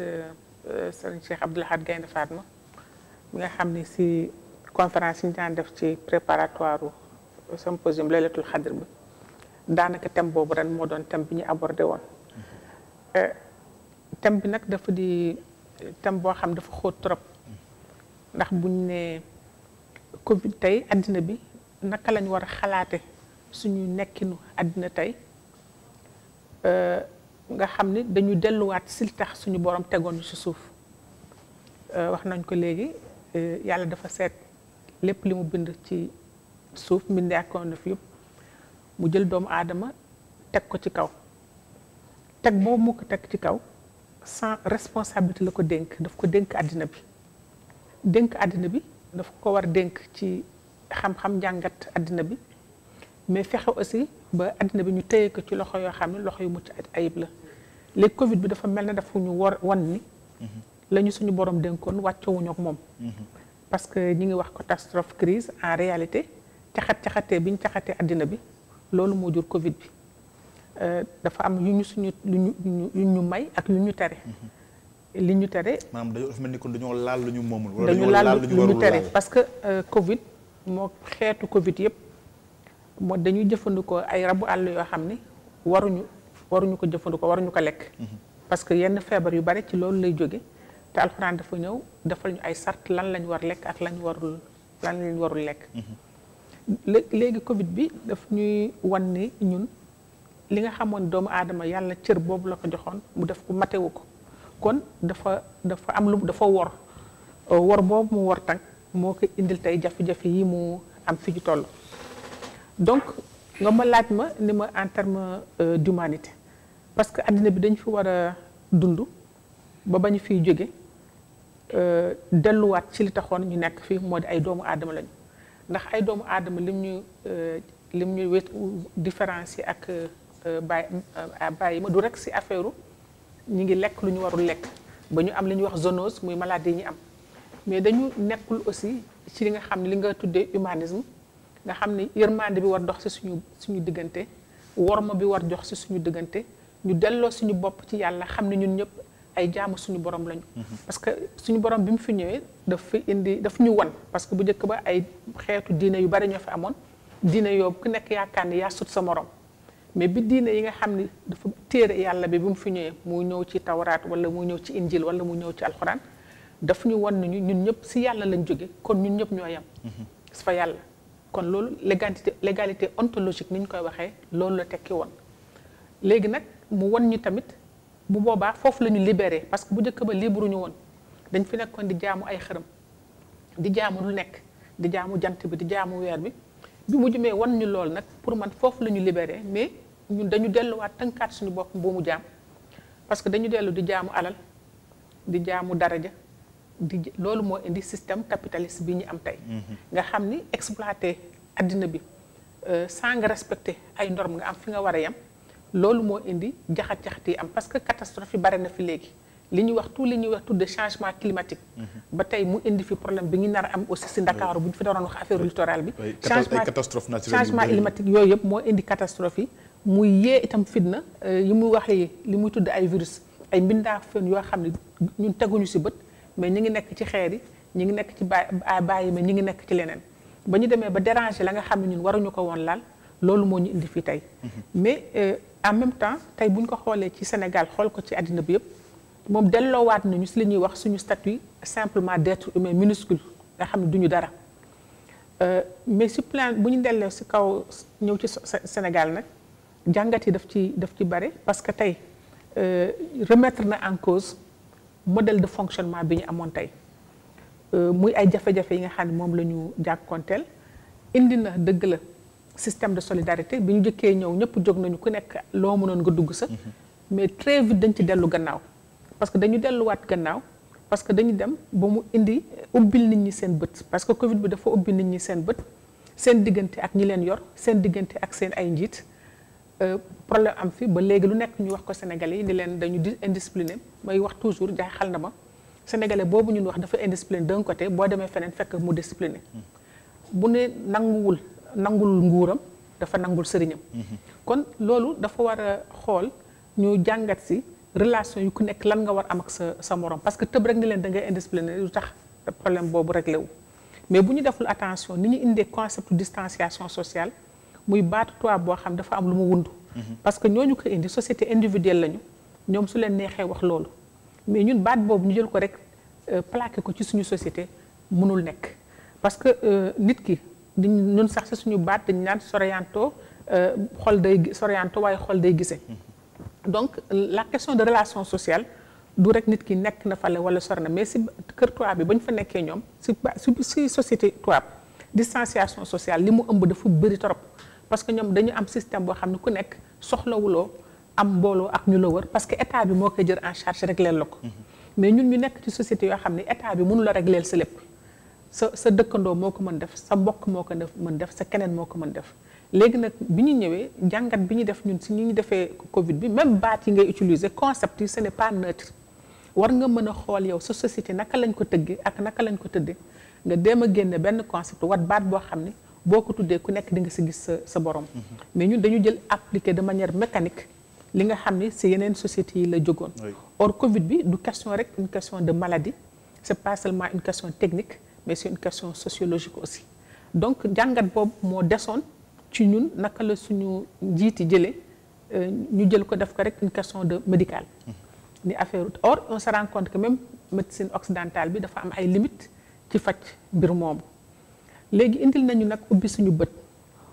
sëriñ Cheikh Abdou Lahad Gaynde Fatma mi nga xam ni si conférence yi ñu daan def ci préparatoire u symposium Laylatul Xadr bi daanaka thème boobu ren moo doon thème bi ñu abordé woon euh, thème bi nag dafa di thème boo xam dafa xóot trop ndax buñ nee Covid tey àddina bi naka lañ war a xalaate suñu nekkinu àddina tey euh, nga xam ni dañuy delluwaat sil tax suñu borom tegoon ci suuf euh, wax nañ ko léegi yàlla dafa seet lépp li mu bind ci suuf mbindee ak na fi yëpp mu jël doomu aadama teg ko ci kaw teg boo mukk teg ci kaw sans responsabilité la ko dénk daf ko dénk àddina bi dénk àddina bi daf ko war dénk ci xam-xam njàngat àddina bi mais fexe aussi ba àddina bi ñu téye ko ci loxo yoo xam ne loxo yu mucc ayib la léegi Covid bi dafa mel ne fu ñu war wan ni. Mm-hmm. lañu suñu borom dénkoon wàccewuñu ak moom. Mm-hmm. parce que ñi ngi wax catastrophe crise en réalité caxat caxatee bi ñu caxatee àddina bi. loolu moo jur Covid bi euh, dafa am yu ñu suñu lu ñu ñu may ak yu ñu tere. li ñu tere. maanaam dañoo dafa mel laal lu ñu moomul. wala dañoo laal lu ñu tere parce que euh, Covid moo xeetu Covid yëpp moo dañuy jëfandikoo ay rabu àll yoo xam ni waruñu waruñu ko jëfandikoo waruñu ko lekk. Mhm. parce que yenn feebar yu bari ci loolu lay jóge te alxuraan dafa ñëw defal ñu ay sart lan lañ war lekk ak lañ warul lan lañ warul lekk. Mhm. léegi Covid bi daf ñuy wan ni ñun li nga xamoon doomu aadama yàlla cër boobu la ko joxoon mu def ko matewu ko kon dafa dafa am lu dafa wor euh, wor boobu mu wor tag moo ko indil tey jafe-jafe yi mu am fi ñu toll donc nga ma laaj ma ni ma enterme terme euh, d'humanité parce que àddina bi dañ fi war a dund ba bañu fiy jóge euh, delluwaat ci li taxoon ñu nekk fii moo di ay doomu aadama lañu ndax ay doomu aadama lim ñu euh, lim ñu wet yi ak euh, bàyyi euh, bàyyi ma du rekk si affaire ñu ngi lekk lu ñu warul lekk ba ñu am li ñuy wax zoonose muy maladie yi am mais dañu nekkul aussi ci li nga xam ne li nga tuddee humanisme nga xam ni yërmande bi war dox si suñu suñu diggante worma bi war jox si suñu diggante ñu delloo suñu bopp ci yàlla xam ne ñun ñëpp ay jaamu suñu borom lañu. Mhm. parce que suñu borom bi mu fi ñëwee daf fi indi daf ñu wan parce que bu njëkk ba ay xeetu diine yu bari ñoo fi amoon diine yoo ku nekk yaakaar ni yaa sut sa morom mais bi diine yi nga xam ni dafa téere yàlla bi bu mu fi ñëwee mu ñëw ci tawraat wala mu ñëw ci injil wala mu ñëw ci alxuraan daf ñu wan nañu ñun ñëpp si yàlla lañ jóge kon ñun ñëpp ñoo yem. Mhm. si fa yàlla kon loolu légalité légalité ontologique ni ñu koy waxee loolu la tekki woon léegi nag tamit. bu boobaa foofu la ñu libéré parce que bu njëkk ba libre ñu woon dañ fi nekkoon di jaamu ay xërëm di jaamu lu nekk di jaamu jant bi di jaamu weer bi bi mu jumee wan ñu lool nag pour man foofu la ñu libéré mais ñun dañu delluwaat tënkaat suñu bopp buumu jaam parce que dañu dellu di jaamu alal di jaamu daraja di loolu moo indi système capitaliste bi ñu am tey. Mhm. nga xam ni exploité addina bi euh, sans nga respecté ay normes nga am fi nga war a yem. loolu moo indi jaxat-jaxat yi am parce que catastrophe yi bare na fi léegi li ñuy wax tout li ñuy wax tout de changement climatique. Mhm. ba tey mu indi fi problème bi ñu nar a am aussi si Ndakaaru bu ñu fi doon wax affaire littoral bi. changement catastrophe naturelle changement climatique yooyu yëpp moo indi catastrophe yi. muy yee itam fitna euh, yi muy waxee li muy tudd ay virus ay mbindaa fen yoo xam ni ñun teguñu si bët mais ñu ngi nekk ci xeer yi ñu ngi nekk ci baa bàyyi mais ñu ngi nekk ci leneen ba ñu demee ba déranger la nga xam ne waruñu ko woon laal loolu moo ñu indi fii tey mhm. euh, en même temps tey bu ñu ko xoolee ci Sénégal xool ko ci àddina bi yëpp moom delloowaat nañu si li ñuy wax suñu statut simplement d'être humain minuscule nga xam ne duñu dara euh, mais si plan bu ñu dellee si kaw ñëw ci Sénégal nag jàngat yi daf ci daf ci bare parce que tey euh, remettre na en cause modèle de fonctionnement bi ñu amoon tey euh, muy ay jafe-jafe yi nga xam ne moom la ñu jàkkonteel indi na dëgg la système de solidarité bi ñu jëkkee ñëw ñëpp jog nañu ku nekk loo mënoon nga dugg sa. Mhm. mais très vite dañ ci dellu gannaaw. parce que dañu delluwaat gannaaw parce que dañu dem ba mu indi ubbil nit ñi seen bët parce que Covid bi dafa ubbi nit ñi seen bët seen diggante ak ñi leen yor seen diggante ak seen ay njiit. Euh, problème am fi ba léegi lu nekk ñu wax ko sénégalais yi ni leen dañu di indiscipliné may wax toujours jaaxal na ma sénégalais boobu ñun wax dafa indiscipliné d'un côté boo demee feneen fekk mu discipliné mhm. nangul nguuram dafa nangul sëriñam. kon loolu dafa war a xool ñu jàngat si relation yu ku nekk lan nga war am ak sa sa morom parce que tëb rek nga leen dangay ngay indiscipliné lu tax problème boobu réglé wu. mais bu ñu deful attention ni ñu indee concept distanciation sociale muy baat tubaab boo xam dafa am lu mu wund. parce que ñooñu ko indi société individuelle lañu ñoom su leen neexee wax loolu mais ñun baat boobu ñu jël ko rek euh, plaqué ko ci suñu société mënul nekk parce que euh, nit ki. ñun sax si suñu baat dañ naan sorianto euh, xol day waaye xol day gise donc la question de relation sociale du rek nit ki nekk na fale wala sor na mais si kër tubaab bi ba ñu fa nekkee ñoom si si société tubaab distanciation sociale li mu ëmb dafa bëri trop parce que ñoom dañu am système boo xam ne ku nekk soxlawuloo am mbooloo ak ñu la wër parce que état bi moo koy jël en charge rek leen la ko mm-hmm. mais ñun ñu nekk ci société yoo xam ne état bi mënu la rek leel sa lépp sa sa dëkkandoo moo ko mën def sa mbokk moo ko mën def sa keneen moo ko mën def léegi nag bi ñu ñëwee jàngat bi ñu def ñun si ñu ñu defee Covid bi même baat yi ngay utiliser concept yi ce pas neutre war nga mën a xool yow sa société naka lañ ko tëggee ak naka lañ ko tëddee nga dem a génne benn concept wat baat boo xam ne boo ko tuddee ku nekk di nga si gis sa sa borom. Mm-hmm. mais ñun dañu jël appliqué de manière mécanique li nga xam ne si yeneen sociétés yi la jógoon. or Covid bi du question rek une de maladie c'est pas seulement technique. mais c'est une question sociologique aussi donc jàngat boobu moo desoon ci ñun naka la suñu njiiti jëlee euh, ñu jël ko def ko rek une question de médicale mm-hmm. ni affaire or on se rend compte que même médecine occidentale bi dafa am ay limites ci faj mbir moomu léegi indil nañu nag ubbi suñu bët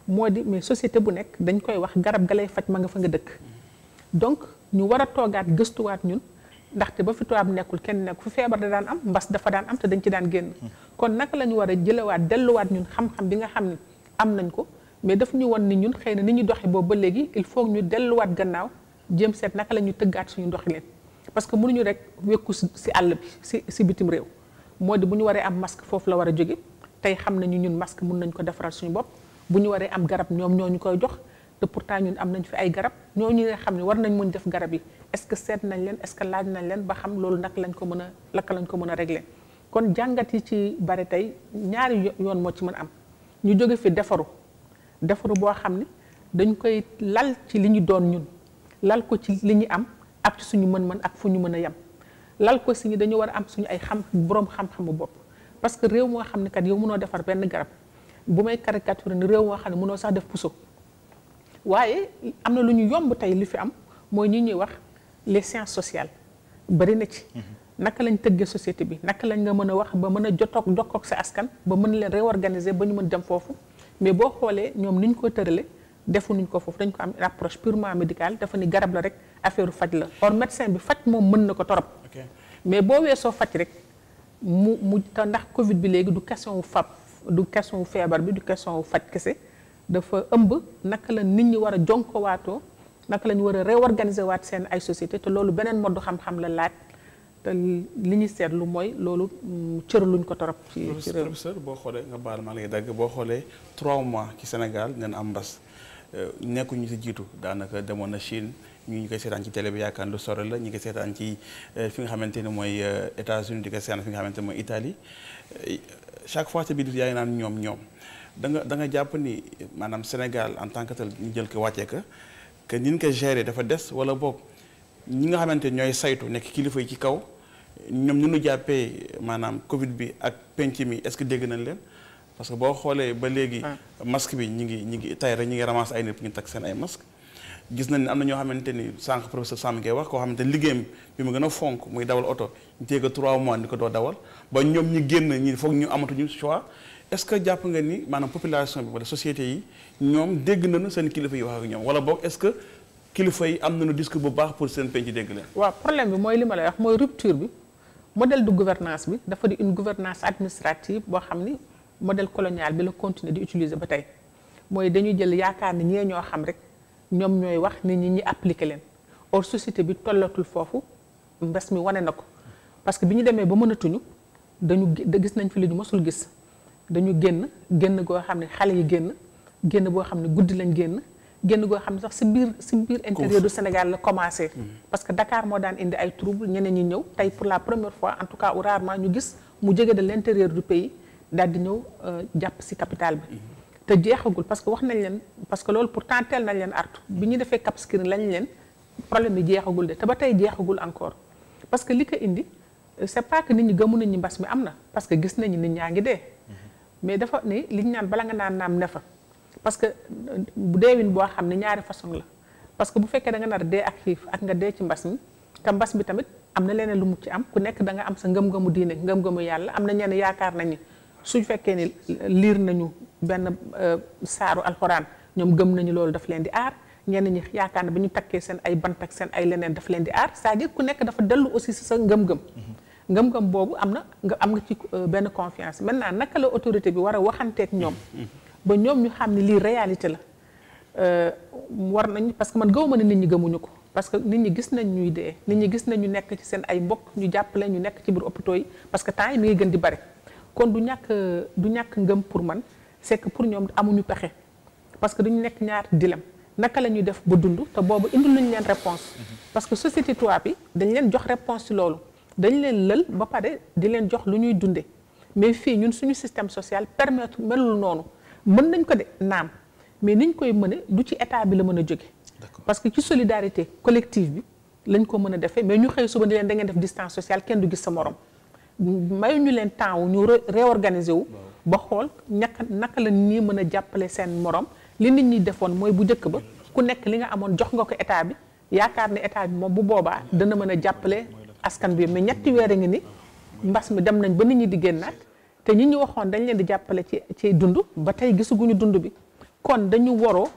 moo di mais société bu nekk dañ koy wax garab ga lay faj ma nga fa nga dëkk mm-hmm. donc ñu war a toogaat gëstuwaat ñun ndaxte ba fi tubaab nekkul kenn nekk fu feebar da daan am mbas dafa daan am te dañ ci daan génn kon naka la ñu war a jëlewaat delluwaat ñun xam-xam bi nga xam ne am nañ ko mais daf ñu won ni ñun xëy na ni ñu doxee boobu ba léegi il faut ñu delluwaat gannaaw jéem seet naka la ñu tëggaat suñu doxalin parce que munuñu rek wekku si àll bi si si bitim réew moo di bu ñu waree am masque foofu la war a jóge tey xam nañu ñun masque mun nañ ko defaraat suñu bopp bu ñu waree am garab ñoom ñoo ñu koy jox te pourtant ñun am nañ fi ay garab ñoo ñu nga xam ne war nañ mën def garab yi est-ce que seet nañ leen est-ce que laaj nañ leen ba xam loolu naka lañ ko mën a lakka lañ ko mën a régler kon jàngat yi ci bare tey ñaari yoon moo ci mën am ñu jóge fi defaru defaru boo xam ni dañ koy lal ci li ñu doon ñun lal ko ci li ñu am ak ci suñu mën-mën ak fu ñu mën a yem lal ko si ñi dañu war a am suñu ay xam boroom xam-xamu bopp parce que réew moo xam ne kat yow mënoo defar benn garab bu may caricature ni réew moo xam ne mënoo sax def puso waaye am na lu ñu yomb tey lu fi am mooy ñu ñuy wax les sciences sociale bari na ci. Mhm. naka lañ tëggee societé bi naka lañ nga mën a wax ba mën a jotoog jokkoog sa askan ba mën leen réorganiser ba ñu mën dem foofu mais boo xoolee ñoom ni ñu ko tëralee defuñu ko foofu dañ ko am approche purement médical dafa ni garab la rek affaire faj la or médecin bi faj moom mën na ko torop mais boo weesoo faj rek mu mu ndax Covid bi léegi du question wu fab du question wu feebar bi du question wu faj kese. dafa ëmb naka la nit ñi war a jonkowaatoo naka la ñu war a réorganiser waat seen ay société te loolu beneen moddu xam-xam la laat te li ñu seetlu mooy loolu mm, cër luñ ko torop ci ci réew professeur boo xoolee nga baal maa lay dagg boo xoolee trois mois ci Sénégal dinañ am mbas euh, nekkuñu si jiitu daanaka demoon na Chine ñu ngi koy seetaan ci télé bi yaakaar lu sore la ñu ngi koy seetaan ci euh, fi nga xamante ne mooy euh, États-Unis di ko seetaan fi nga xamante ne mooy Italie chaque fois ci biir yaa ngi naan ñoom ñoom. da nga da nga jàpp ni maanaam Sénégal en tant que tel ñu jël ko wàccee ka que ni ñu ko gérer dafa des wala boog ñi nga xamante ñooy saytu nekk kilifa yi ci kaw ñoom ñu nu jàppee maanaam Covid bi ak penc mi est-ce que dégg nañ leen parce que boo xoolee ba léegi. Ah. masque bi ñu ngi ñi ngi tay rek ñu ngi ramasse ay nit ñu takk seen ay masque gis nañ ne am na ñoo xamante ni sànq professeur Sam ngay wax koo xamante ni liggéeyam bi mu gën a fonk muy dawal oto ñu téye ko 3 mois ni ko doo dawal ba ñi foog ñu amatuñu choix. est-ce que jàpp nga ni maanaam population bi wala société yi ñoom dégg nañu seen kilifa yi wax ñoom wala boog est-ce que kilifa yi am na nañu disque bu baax pour seen penc dégg leen. waaw problème bi mooy li ma wax mooy rupture bi modèle de gouvernance bi dafa di une gouvernance administrative boo xam ni modèle colonial bi la continuer di utiliser ba tey mooy dañuy jël yaakaar ni ñee ñoo xam rek ñoom ñooy wax nit ñi ñi appliquer leen or société bi tollatul foofu mbes mi wane na ko parce que bi ñu demee ba mënatuñu dañu gis nañ fi li ñu mësul gis. dañu génn génn goo xam ne xale yi génn génn boo xam ne guddi lañ génn génn goo xam ne sax si biir si biir intérieur du Sénégal la commencé mm-hmm. parce que dakaar moo daan indi ay trouble ñeneen ñi ñëw tey pour la première fois en tout cas ou rarement ñu gis mu jege de l'intérieur du pays daal di ñëw euh, jàpp si capital bi mm-hmm. te jeexagul parce que wax nañ leen parce que loolu pourtant teel nañ leen artu mm-hmm. bi ñu defee Cap Skirring lañ leen problème bi jeexagul de te ba tey jeexagul encore parce que li indi euh, c'est pas nit ñi gëmu nañ ñi mbas mi am na parce que gis nañu nit ñaa ngi dee mais dafa ni liñ naan bala nga naan naam ne fa parce que bu deewin boo xam ne ñaari façon la parce que bu fekkee da nga nar dee ak xiif ak nga dee ci mbas mi te mbas mi tamit am na leneen lu mu ci am ku nekk danga am sa ngëm-ngëmu diine ngëm-ngëmu yàlla am na ñenn yaakaar nañ ni suñ fekkee ni liir nañu benn euh, saaru alxuraan ñoom gëm nañu loolu daf leen di aar ñenn ñi yaakaar ne bi ñu takkee seen ay bant ak seen ay leneen daf leen di aar cest à ku nekk dafa dellu aussi sa ngëm ngëm-ngëm boobu am na nga am nga ci euh, benn confiance maintenant naka la autorité bi war a waxanteeg ñoom ba ñoom ñu xam lii réalité la euh, war nañ parce que man gëwuma ne nit ñi gëmuñu ko parce que nit ñi gis nañ ñuy dee nit gis nañ ñu nekk ci seen ay mbokk ñu jàppale ñu nekk ci biir hôpitaux parce que temps yi mi gën di bari kon du ñàkk du ñàkk ngëm pour man c'est pour ñoom amuñu pexe parce que dañu nekk ñaar dilem naka la ñuy def ba dund te boobu indil nañ leen réponse mm-hmm. parce que société tubaab bi dañ leen jox réponse ci loolu dañ leen lël ba pare di leen jox lu ñuy dunde mais fii ñun suñu système social permettre melul noonu mën nañ ko de naam mais niñ koy mëne du ci état bi la mën a jóge parce que ci solidarité collective bi lañ ko mën a defee mais ñu xëy suba di leen da ngeen def distance sociale kenn du gis sa morom mayu ñu leen temps wu ñu réorganiser wu ba xool ñaka naka la nii mën a jàppale seen morom li nit ñi defoon mooy bu njëkk ba ku nekk li nga amoon jox nga ko état bi yaakaar ne état bi moom bu boobaa dana mën a jàppale askan bi mi ñetti weer a ngi ni mbas mi dem nañ ba nit ñi di génn génnaat te ñi ñu waxoon dañ leen di jàppale ci ci dund ba tey gisuguñu dund bi kon dañu waroo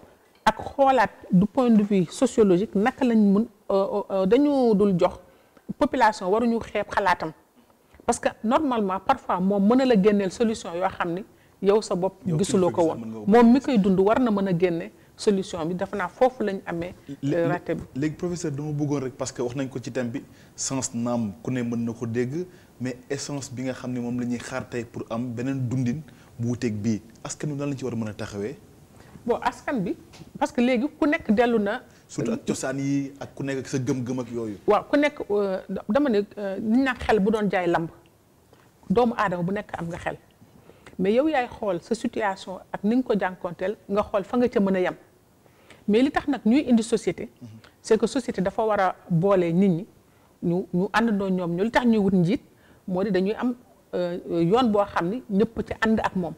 ak xoolaat du point de vie sociologique naka lañ mun euh, euh, dañu dul jox population waruñu xeeb xalaatam parce que normalement parfois moom mën a la génneel solution yoo xam ni yow sa bopp gisuloo ko woon moom mi koy dund war na mën a génne solution bi dafa naa foofu lañu amee. Euh, raté bi léegi professeur dama bëggoon rek parce que wax nañ ko ci thème bi sens naam ku ne mën na ko dégg mais essence bi nga xam ne moom la ñuy xaar tey pour am beneen dundin bu wuteeg bii askan wi nan lañ ci war mën a taxawee. bon askan bi parce que léegi ku nekk dellu na. surtout ak cosaan yi ak ku nekk sa gëm-gëm yooyu. waaw ku nekk euh, dama ne euh, ni naan xel bu doon jaay lamb doomu aadama bu nekk am nga xel mais yow yaay xool sa situation ak ni nga ko jànkonteel nga xool fa nga ca mën a yem. mais li tax nag ñuy indi société c'est que société dafa war a boole nit ñi ñu ñu àndandoo ñoom ñu li tax ñuy wut njiit moo di dañuy am euh, yoon boo xam ni ñëpp ci ànd ak moom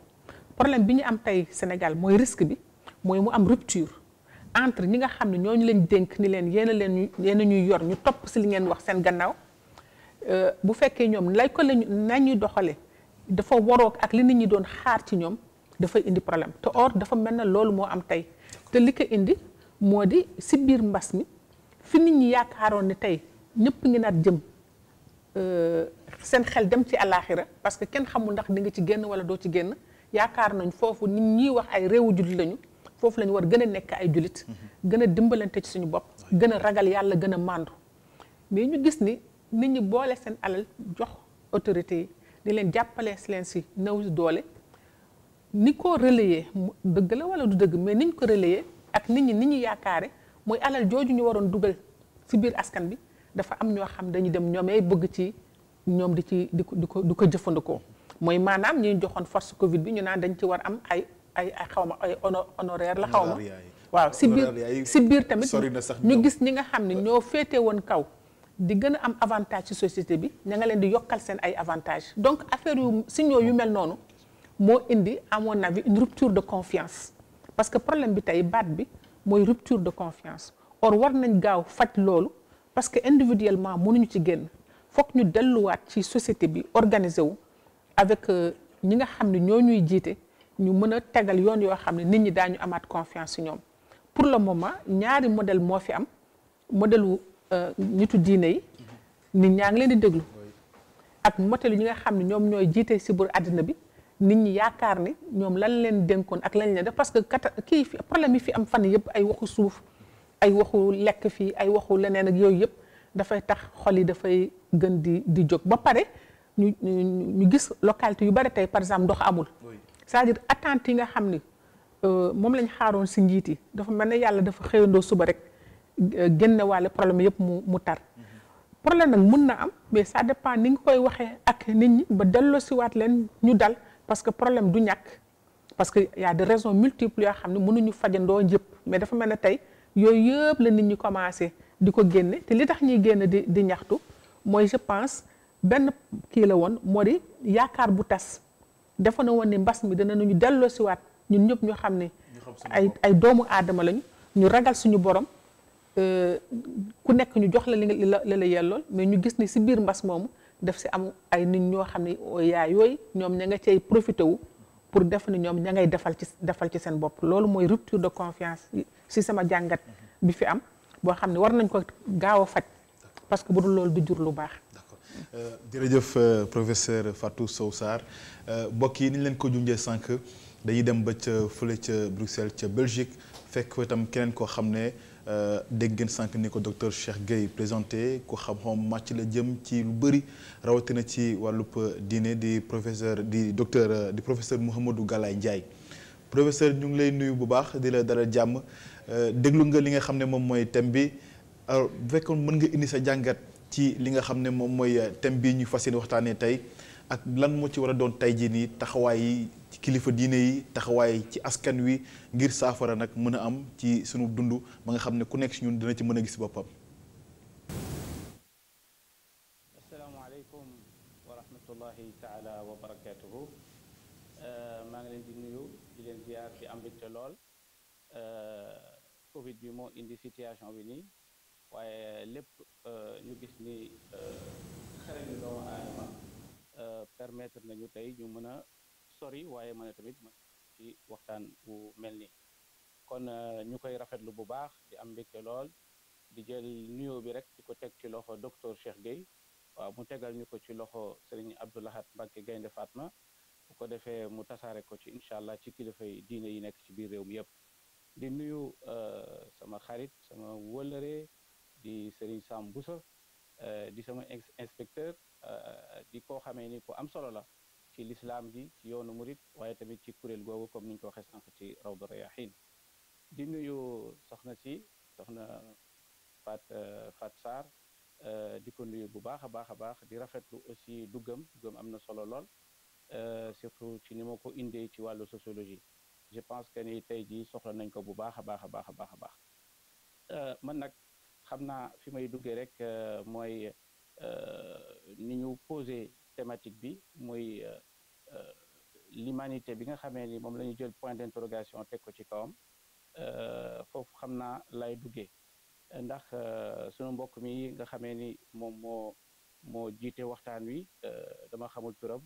problème bi ñu am tey Sénégal mooy risque bi mooy mu am rupture entre ñi nga xam ne ñooñu leen dénk ni leen yéen a leen yéen a ñuy yor ñu topp si li ngeen wax seen gannaaw euh, bu fekkee ñoom lay ko lañ nañuy doxalee dafa waroog ak li nit ñi doon xaar ci ñoom dafay indi problème te or dafa mel ne loolu moo am tey te li ko indi moo di si biir mbas mi fi nit ñi yaakaaroon ne tey ñëpp ngi naat jëm euh, seen xel dem ci àllaaxira parce que kenn xamul ndax di nga ci génn wala doo ci génn yaakaar nañ foofu nit ñi wax ay réewu jullit lañu foofu lañu war gën a nekk ay jullit. Mhm. gën a dimbalante ci suñu bopp. gën a ragal yàlla gën a màndu. mais ñu gis ni nit ñi boole seen alal jox autorité yi di leen jàppale leen si néew doole. ni ko relayé dëgg la wala du dëgg mais niñ ko relayé ak nit ñi ni ñu yaakaare mooy alal jooju ñu waroon dugal ci biir askan bi dafa am ñoo xam dañu dem ñoomee bëgg ci ñoom di ci di ko di ko di ko jëfandikoo mooy maanaam ñi joxoon force Covid bi ñu naan dañ ci war am ay ay ay xaw ma ay honoraire la xaw ma waaw si biir si biir tamit ñu gis ñi nga xam ne ñoo féete woon kaw di gën a am avantage ci société bi ña nga leen di yokkal seen ay avantage donc affaire yu signaux yu mel noonu moo indi amoon na avis une rupture de confiance parce que problème bi tey baat bi mooy rupture de confiance or war nañ gaaw faj loolu parce que individuellement mënuñu ci génn foog ñu delluwaat ci société bi organisé wu avec euh, ñi nga xam ne ñoo ñuy jiite ñu mën a tegal yoon yoo xam ne nit ñi ñu amaat confiance ci ñoom pour le moment ñaari modèle moo fi am modèle wu ñitu euh, diine yi nit ñaa ngi leen di déglu ak modèle yi ñi nga xam ne ñoom ñooy jiite si biir àddina bi nit ñi yaakaar ne ñoom lan leen denkoon ak lañ leen def parce que kat kii problème yi fi am fan yëpp ay waxu suuf ay waxu lekk fii ay waxu leneen ak yooyu yëpp dafay tax xol yi dafay gën di di jóg ba pare ñu ñu gis localité yu bari tey par exemple ndox amul c'est-à-dire attente yi nga xam ni euh, moom lañ xaaroon si njiit yi dafa mel ne yàlla dafa xëyandoo suba rek euh, génne waale problème yëpp mu mu tar mhm. problème nag mun na am mais ça dépend ni nga koy waxee ak nit ñi ba delloo siwaat leen ñu dal parce que problème du ñàkk parce que y a des raisons multiples yoo xam ne mënuñu fajandoo yëpp mais dafa mel ne tey yooyu yëpp la nit ñi commencé di ko génne te li tax ñuy génn di di ñaxtu mooy je pense benn kii la woon moo di yaakaar bu tas dafa na woon ne mbas mi dana ñu delloosiwaat ñun ñëpp ñu xam ne ay ay doomu aadama lañu ñu ragal suñu borom euh, ku nekk ñu jox la li la la yellool mais ñu gis ni si biir mbas moomu def si am ay nit ñoo xam ne yaa yooyu ñoom ña nga cay profité wu pour def ni ñoom ña ngay defal ci defal ci seen bopp loolu mooy rupture de confiance si sama jàngat bi fi am boo xam ne war nañ ko gaaw a faj parce que bu dul loolu di jur lu baax. Euh, jërëjëf euh, professeur Fatou Sow Sarr euh, mbokk yi ni ñu leen ko junjee sànq dañuy dem ba ca fële ca Bruxelles ca Belgique fekk itam keneen koo xam ne. Euh, dégg ngeen sànq ni ko docteur Cheikh Gueye présenté ku xam-xam màcc la jëm ci lu bëri rawatina ci wàllub dine di professeur di docteur di professeur Mouhamadou Galaye Ndiaye professeur ñu ngi lay nuyu bu baax di la dara jàmm euh, déglu nga li nga xam ne moom mooy thème bi alors bu fekkoon mën nga indi sa jàngat ci li nga xam ne moom mooy thème bi ñuy fas yéene waxtaanee tey. ak lan moo ci war a doon tey jii nii taxawaay yi ci kilifa diine yi taxawaay ci askan wi ngir saafara nag mën a am ci sunu dund ba nga xam ne ku nekk si ñun dina ci mën a gis boppam. asalaamaaleykum wa rahmatullahi taala wa barakaatuhu euh, maa ngi leen di nuyu di leen ziar di am mbégte lool euh, Covid bi moo indi situation bi nii waaye lépp euh, ñu gis ni xarañu doomu aadama Euh, permettre nañu tey ñu mën a sori waaye mën a tamit mën ci waxtaan bu mel ni kon euh, ñu koy rafetlu bu baax di am mbégte lool di jël nuyoo bi rek di ko teg ci loxo docteur Cheikh Gueye waaw mu tegal ñu ko ci loxo sëriñ Abdoulahat Mbacke Gaynde Fatma bu ko defee mu tasaare ko ci incha allah ci kilifa yi diine yi nekk ci biir réew mi yëpp di nuyu euh, sama xarit sama wëlëre di sëriñ Sam Boussa di sama inspecteur Euh, di koo xamee ni ku am solo la ci lislaam ji ci yoonu murit waaye tamit ci kuréel googu comme niñ ko waxee sànq ci rawdu rayaxiin di nuyu soxna si soxna Fat euh, Fat Sarr euh, di ko nuyu bu baax a baax a baax di rafetlu aussi duggam duggam am na solo lool surtout ci ni ma ko indee ci wàllu sociologie je pense que ni tey jii soxla nañ ko bu baax a baax a baax a baax a baax man nag xam naa fi may duggee rek mooy Euh, ni ñu posé thématique bi muy euh, euh, l'humanité bi nga xamee ni moom la ñu jël point d'interrogation teg ko ci kawam foofu xam naa lay duggee ndax sunu mbokk mi nga xamee ni moom moo moo jiite waxtaan wi dama xamul turam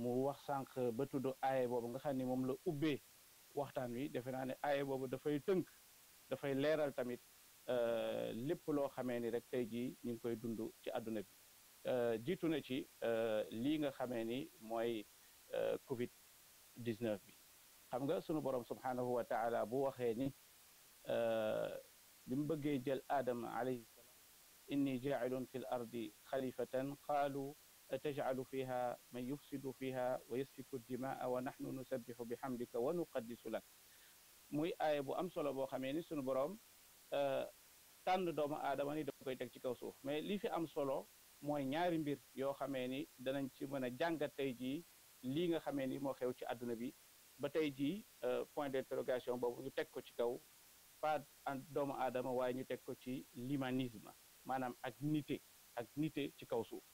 mu wax sànq ba tudd aaye boobu nga xam ni moom la ubbee waxtaan wi defe naa ne aaye boobu dafay tënk dafay leeral tamit Euh, lépp loo xamee ni rek tey jii ñu ngi koy dund ci àdduna bi euh, jiitu na ci euh, lii nga xamee ni mooy covid 19 bi xam nga sunu borom subhaanahu wa taala bu waxee ni bi mu bëggee jël aadama alayhi salaam inni jaacilun fi l ardi xalifatan qaalu atajcalu fiha man yufsidu fiha wa yasfiku dimaa wa naxnu nusabixu bu am solo boo xamee ni sunu borom tànn doomu aadama ni da koy teg ci kaw suuf mais lii fi am solo mooy ñaari mbir yoo xamee ni danañ ci mën a jàngat tey jii lii nga xamee ni moo xew ci àdduna bi ba tey jii euh, point d'interrogation boobu ñu teg ko ci kaw pas en doomu aadama waaye ñu teg ko ci l'humanisme maanaam ak nité ak nité ci kaw suuf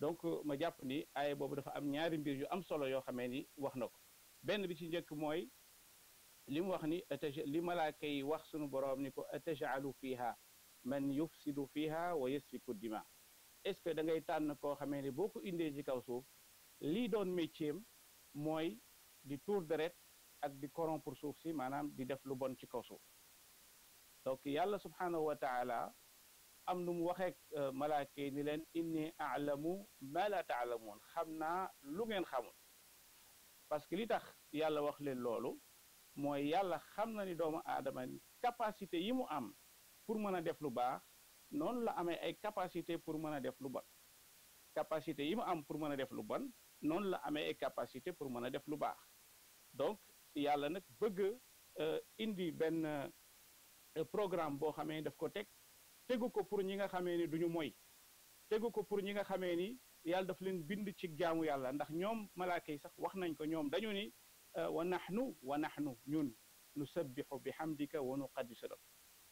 donc euh, ma jàpp ni ay boobu dafa am ñaari mbir yu am solo yoo xamee ni wax na ko benn bi ci njëkk mooy li mu wax ni li malaaka yi wax sunu boroom ni ko atajalu fiha man yufsidu fiha wa yasfiku dima est ce que da ngay tànn koo xamee ne boo ko indee ci kaw suuf lii doon métier mooy di tour deret ak di koron pour suuf si maanaam di def lu bon ci kaw suuf donc yàlla subhanahu wa am nu mu waxeek euh, malaaka yi ni leen inni alamu ma la taalamuun xam naa lu ngeen xamul parce que li tax yàlla wax leen loolu mooy yàlla xam na ni doomu aadama capacité yi mu am pour mën a def lu baax noonu la amee ay capacité pour mën a def lu bon capacité yi mu am pour mën a def lu bon noonu la amee ay capacité pour mën a def lu baax donc yàlla nag bëgg euh, indi benn euh, programme boo xamee daf ko teg tegu ko pour ñi nga xamee ni ñu moy tegu ko pour ñi nga xamee ni yàlla daf leen bind ci jaamu yàlla ndax ñoom malaaka yi sax wax nañ ko ñoom dañu ni euh, wa nahnu wa nahnu ñun nusabbihu bihamdika wa nuqaddisu lak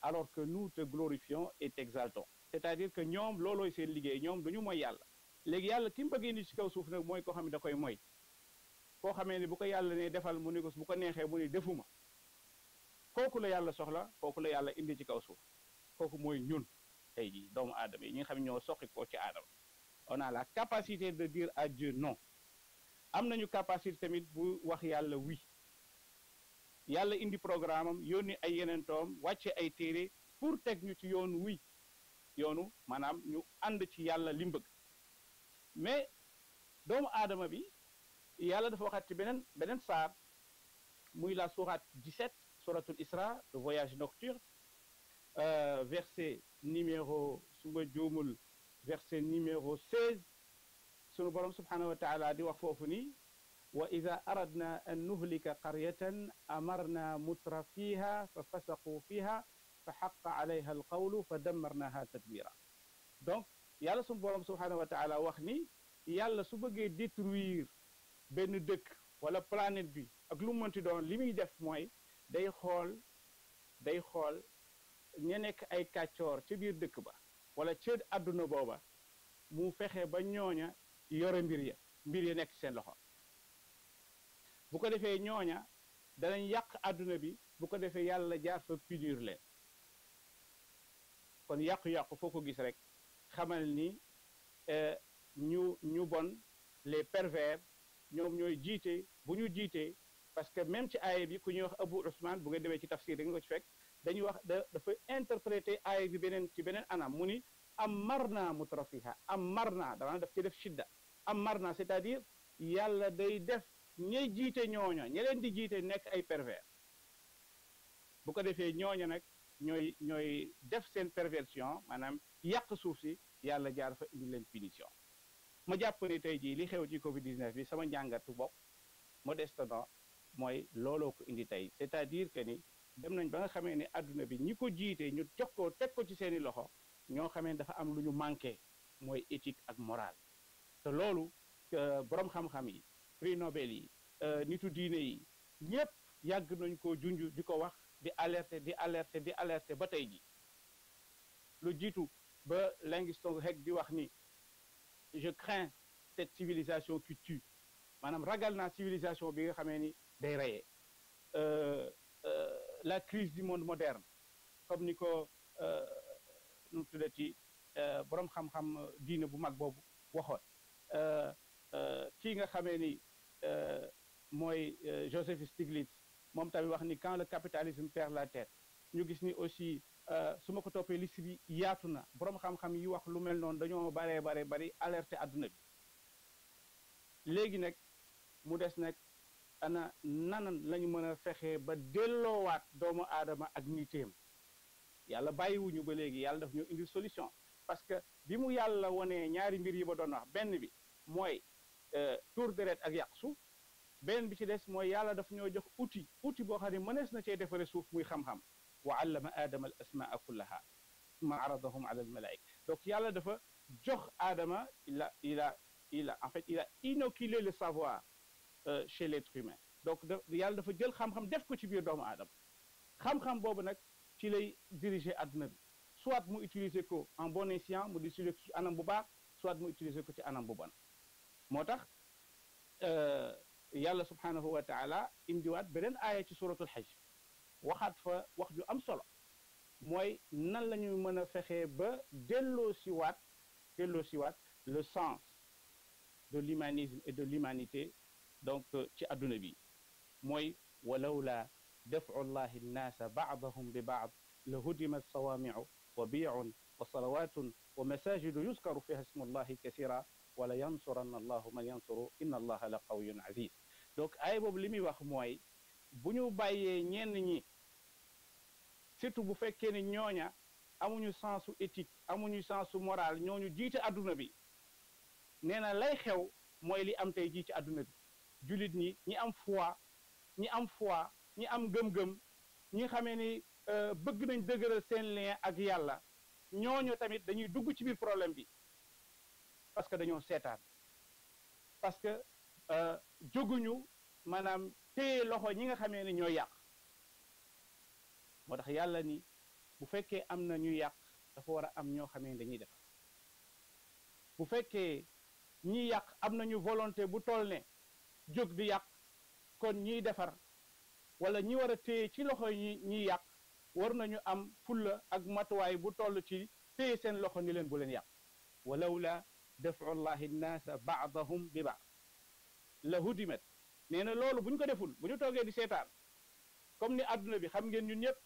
alors que nous te glorifions et t'exaltons c'est-à-dire que ñoom loolooy seen liggéey ñoom duñu mooy yàlla léegi yàlla ki mu bëgg indi ci kaw suuf nag mooy ko xam ne da koy mooy koo xamee ne bu ko yàlla ne defal mu ne ko bu ko neexee mu ne defuma kooku la yàlla soxla kooku la yàlla indi ci kaw suuf kooku mooy ñun tey jii doomu aadama yi ñi nga xam ne ñoo soqi koo ci aadama on a la capacité de dire à Dieu non am nañu capacité tamit bu wax yàlla oui yàlla indi programme am yónni ay yeneen toom wàcce ay téere pour teg ñu ci yoon wuy yoonu maanaam ñu ànd ci yàlla li bëgg mais doomu aadama bi yàlla dafa waxaat ci beneen beneen saar muy la sourate 17 suratul isra le voyage nocturne euh, verset numéro su ma juumul verset numéro 16 sunu borom subhanahu wa di wax foofu nii wa ida aradna an nuhlika qaryatan amarna mutra fiha fa fasaqu fiha fa xaqa alayha alqawlu fa dammarnaha tadmira donc yàlla suñu borom subhanahu wa taala wax ni yàlla su bëggee détruire benn dëkk wala planète bi ak lu ti doon li muy def mooy day xool day xool ña nekk ay kàccoor ca biir dëkk ba wala ca àdduna booba mu fexe ba ñooña yore mbir ya mbir ya nekk seen loxo bu ko defee ñooña danañ yàq àdduna bi bu ko defee yàlla jaar fa punir leen kon yàqu-yàqu foo ko gis rek xamal ni eh, ñu ñu bon les pervers ñoom ñooy jiite bu ñu jiitee parce que même ci aaya bi ku ñuy wax Abu Usman bu nga demee ci tafsir da nga ko ci fekk dañu wax da dafa interpréter aaya bi beneen ci beneen anam mu ni am mar naa mutrafiha am mar naa damaana daf ci def shidda am mar c'est-à-dire yàlla day def ñay jiite ñooña ña di jiite nekk ay pervers bu ko defee ñooña nag ñooy ñooy def seen perversion maanaam yàq suuf si yàlla jaar fa indi leen punition ma jàpp tey jii li xew ci Covid 19 bi sama njàngatu bopp modestement mooy looloo ko indi tey c'est-à-dire que ni dem nañ ba nga xamee ni àdduna bi ñi ko jiite ñu jox ko teg ko ci seeni loxo ñoo xamee dafa am lu ñu manqué mooy éthique ak morale te loolu euh, boroom xam-xam yi. prix Nobel yi euh, nitu diine yi ñépp yàgg nañ ko junj di ko wax di alerter di alerter di alerter ba tey ji lu jiitu ba Livingstone rek di wax ni je crains cette civilisation qui tue maanaam ragal naa civilisation bi nga xamee ni day reyee euh, euh, la crise du monde moderne comme ni ko nu tuddati boroom xam-xam diine bu mag boobu waxoon kii nga xamee ni Euh, mooy euh, Joseph Stiglitz moom tamit wax ni quand le capitalisme perd la tête ñu gis ni aussi euh, su ma ko toppee liste bi yaatu na boroom xam-xam yi wax lu mel noonu dañoo baree bare bari alerté àdduna bi léegi nag mu des nag ana nanan lañu mën a fexe ba delloowaat doomu aadama ak nitéem yàlla bàyyiwuñu ba léegi yàlla daf ñu indi solution parce que bi mu yàlla wonee ñaari mbir yi ba doon wax benn bi mooy Euh, tuur deret ak yaq suuf beneen bi ci des mooy yàlla daf ñoo jox outil outil boo xam ne mënees na cee defare suuf muy xam-xam wa allama aadama al asmaa kullaha ma aradahum ala al malaika donc yàlla dafa jox aadama il a il a il a en fait il a inoculé le savoir euh, chez l'être donc da yàlla dafa jël xam-xam def ko ci biir doomu aadama xam-xam boobu nag ci lay diriger àdduna bi soit mu utilise ko en bon escient mu di ci anam bu baax soit mu utiliser ko ci anam bu bon moo tax euh, yàlla subhaanahu wa taala indiwaat beneen aaya ci suratul xaj waxaat fa wax ju am solo mooy nan la ñuy mën a fexee ba delloo siwaat delloo siwaat le sens de l'humanisme donc ci adduna bi mooy walawla dafcu llahi nnaasa baadahum bi baad la hudimat sawaamicu wa biyun wa salawatun wa masajidu yuzkaru fiha ismu llahi kasira wala yansuranna allahu man yansuru inna allaha la qawiyun aziz donc ay boobu li muy wax mooy bu ñu bàyyee ñenn ñi surtout bu fekkee ni ñooña amuñu sensu éthique amuñu sensu moral ñu jiite adduna bi nee na lay xew mooy li am tey jii ci adduna bi jullit ñi ñi am foi ñi am foi ñi am gëm-gëm ñi xamee ni euh, bëgg nañ dëgëral seen lien ak yàlla ñooñu tamit dañuy dugg ci biir problème bi parce que dañoo seetaan parce que euh, jóguñu maanaam téye loxo ñi nga xamee ne ñoo yàq moo tax yàlla ni bu fekkee am na ñu yàq dafa war a am ñoo xamee ni dañuy defar bu fekkee ñi yàq am nañu volonté bu toll ne jóg di yàq kon ñiy defar wala ñi war a téye ci loxo ñi ñiy yàq war nañu am fulla ak matuwaay bu toll ci téye seen loxo ni leen bu leen yàq walawla dafau llahi nnaasa baadahum bi baad la hudimat nee na loolu bu ñu ko deful bu ñu toogee di seetaan comme ni àdduna bi xam ngeen ñun ñëpp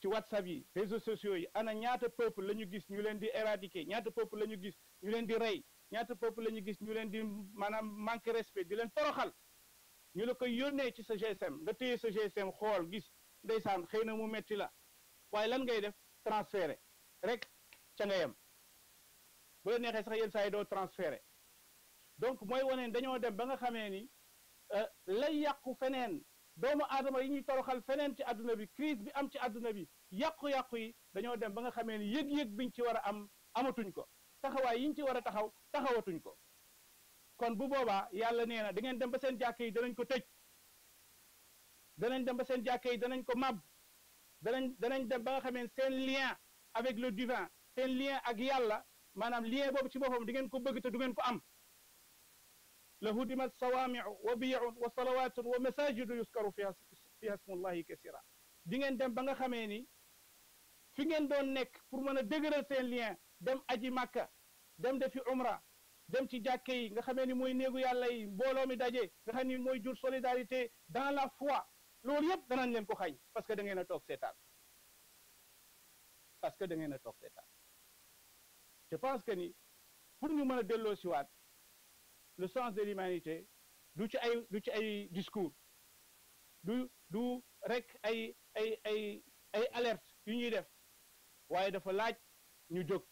ci whatsapp yi réseaux sociaux yi ana ñaata peuple la ñu gis ñu leen di éradiquer ñaata peuple la ñu gis ñu leen di rey ñaata peuple la ñu gis ñu leen di maanaam manque respect di leen toroxal ñu la koy yónnee ci sa GSM nga téye sa GSM xool gis ndeysaan xëy na mu metti la waaye lan ngay def transféré rek ca nga yem bu la neexee sax yenn saa yi doo transféré donc mooy wane dañoo dem ba nga xamee ni euh, lay yàqu feneen doomu adama yi ñuy toroxal feneen ci àdduna bi crise bi am ci àdduna bi yàqu-yàqu yi dañoo dem ba nga xamee ni yëg-yëg biñ ci war a am amatuñ ko taxawaay yi ñu ci war a taxaw taxawatuñ ko kon bu boobaa yàlla nee na da ngeen dem ba seen jàkke yi danañ ko tëj danañ dem ba seen jàkke yi danañ ko mab danañ danañ dem ba nga xamee seen lien avec le divin seen lien ak yàlla maanaam lien boobu ci boppam di ngeen ko bëgg te du ngeen ko am lahu dimat sawaamiu wa biyaun wa salawatun wa masajidu yuskaru fiha fiha smullahi kasira di ngeen dem ba nga xamee ni fi ngeen doon nekk pour mën a dëgëral lien dem aji màkka dem defi umra dem ci jàkke yi nga xamee ni mooy néegu yàlla yi mbooloo mi daje nga xam ni mooy jur solidarité dans la foi loolu yëpp danañ leen ko xañ parce que da ngeen a toog seetaan que da ngeen a toog je pense que ni pour ñu mën a delloo waat le sens de l'humanité du ci ay du ci ay discours du du rek ay ay ay ay alerte yu ñuy def waaye dafa laaj ñu jóg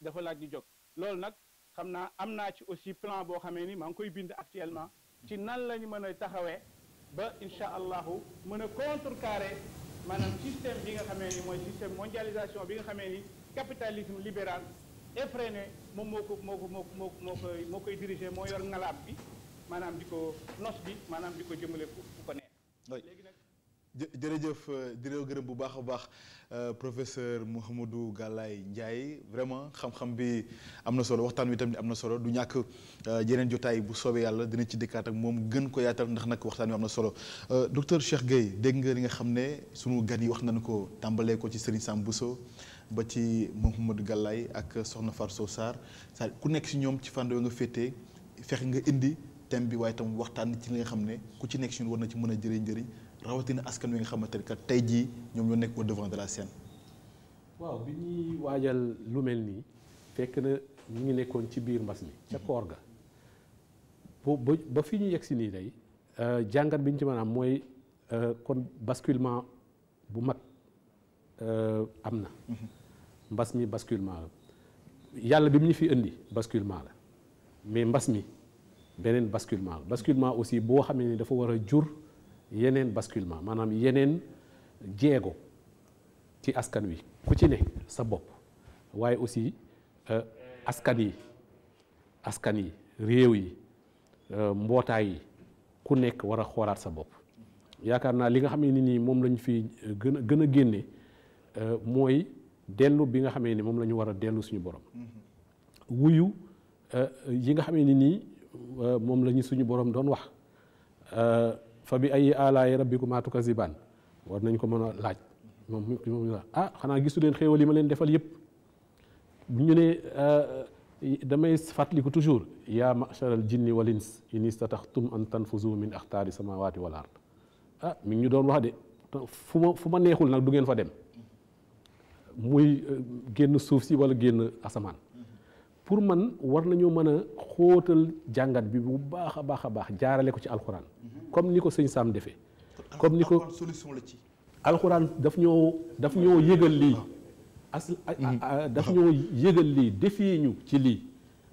dafa laaj ñu jóg loolu nag xam naa am naa ci aussi plan boo xamee ni maa ngi koy bind actuellement ci nan lañu mën a taxawee ba incha allahu mën a contrecarrer maanaam système bi nga xamee ni mooy système mondialisation bi nga xamee ni capitalisme libéral effréné moom moo ko moo ko moo moo moo koy moo moo yor ngalaab bi maanaam di ko nos bi maanaam di ko jëmale fu ko neex léegi nag jërëjëf euh, di leen bu baax a baax euh, professeur Mouhamadou Galaye Ndiaye vraiment xam bi am na solo waxtaan wi tamit am na solo du ñàkk euh, jeneen jotaay bu soobee yàlla dina ci dikkaat ak moom gën ko yaatal ndax nag waxtaan wi am na solo docteur Cheikh Gueye dégg nga li nga xam ne sumu gan yi wax nañu ko tàmbalee ko ci Serigne bu Bousso ba ci Mouhamadou Gallay ak Soxna Farso Sarr saa ku nekk ci ñoom ci fànn nga féetee fexe nga indi thème bi waaye tam waxtaan ci li nga xam ne ku ci nekk war na ci mën a jëriñ njëriñ rawatina askan wi nga xamante ne kat tey jii ñoom ñoo nekk au de la scène. waaw lu mel nii fekk na ñu ngi nekkoon ci biir mbas mi ca koor ga ba ba fi ñu yegg si nii day euh, jàngat bi ñu ci man am mooy euh, kon basculement bu mag Euh, am na mbas mi basculement la yàlla bi mu ñu fi indi basculement la mais mbas mi beneen basculement la basculement aussi boo xamee ni dafa war a jur yeneen basculement maanaam yeneen jéego ci askan wi ku ci ne sa bopp waaye aussi euh, askan yi askan yi réew yi euh, mbootaay yi ku nekk war a xoolaat sa bopp yaakaar naa li nga xam ne ni moom lañu fi gën a gën a génne Euh, mooy dellu bi nga xamee ni moom lañu war a dellu suñu borom mm-hmm. wuyu euh, yi nga xamee ni nii euh, moom lañu suñu borom doon wax fa bi ay alaay rabbikumaa tukazzibaan war nañ ko mën a laaj moom moom la ah, xanaa gisu leen xéewal yi ma leen defal yëpp ñu ne damay fàttaliku toujours yaa macharal jinni wal ins in istataxtum an tanfuzu min axtaari samawaati wal ard ah, mi ñu doon wax de fu ma fu ma neexul nag du ngeen fa dem muy euh, génn suuf si wala génn asamaan pour man war nañoo mën a xóotal jàngat bi bu baax a baax a baax jaarale ko ci alxuraan comme ni ko sëñ Sam defee comme ni ko solution la ci alxuraan daf ñoo daf ñoo yëgal lii ah. as mhm. daf ñoo yëgal lii defee ñu ci lii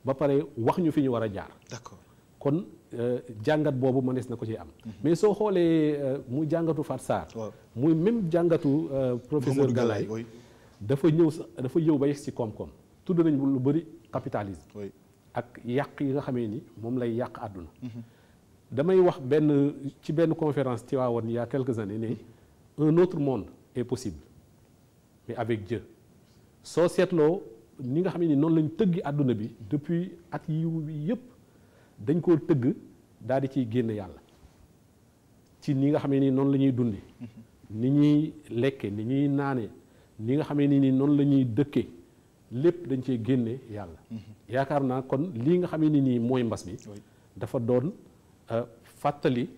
ba pare wax ñu fi ñu war a jaar d'accord kon euh, jàngat boobu mënees na ko ci am mhm. mais soo xoolee euh, mu jàngatu Fat Sarr muy même jàngatu professeur Galaye dafa ñëw dafa ñëw ba yegg ci koom-koom tudd nañ lu bëri capitalisme ak yàq yi nga xamee ni moom lay yàq àdduna mhm. damay wax benn ci benn conférence Tivaouane il y a quelques ne un autre monde est possible mais avec Dieu soo seetloo ni nga xam ni noonu lañ tëggi àdduna bi depuis at yi yëpp dañ koo tëgg daal di ciy génn yàlla ci ni nga xam ne noonu lañuy ñuy dunde mhm. ni ñuy lekke ni ñuy naane li nga xamee ni nii noonu la ñuy dëkkee lépp dañ ci génne yàlla. Mm-hmm. yaakaar naa kon lii nga xamee ni nii mooy mbas bi. dafa doon euh, fàttali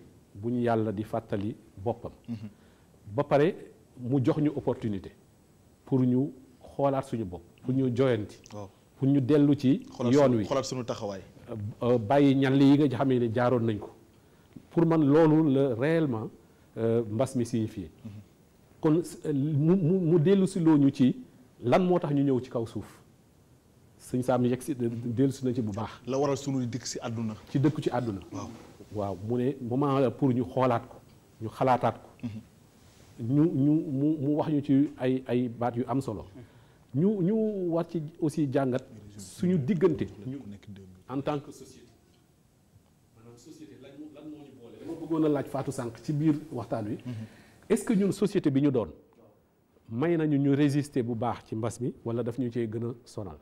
buñ yàlla di fàttali boppam. Mm-hmm. ba pare mu jox ñu opportunité pour ñu xoolaat suñu bopp pour ñu joyanti. Oh. pour ñu dellu ci. yoon wi xoolaat suñu taxawaay. Euh, euh, bàyyi ñal li yi nga xamee ne jaaroon nañ ko pour man loolu la réellement mbas mi fii kon euh, mu mu mu loo ñu ci lan moo tax ñu ñëw ci kaw suuf sëñ Saam yegg si dellu si na ci bu baax. la waral sunu dëkk si àdduna. ci dëkk ci àdduna. waaw mu ne moment la pour ñu xoolaat ko ñu xalaataat ko. Mhm. ñu ñu mu mu wax ñu ci ay ay baat yu am solo. ñu ñu war ci aussi jàngat suñu diggante. ñu en tant que société. maanaam société moo ñu laaj faatu sànq ci biir waxtaan wi. Mhm. est-ce que ñun société bi ñu doon may nañu ñu résister bu baax ci mbas mi wala daf ñu cee gën a sonal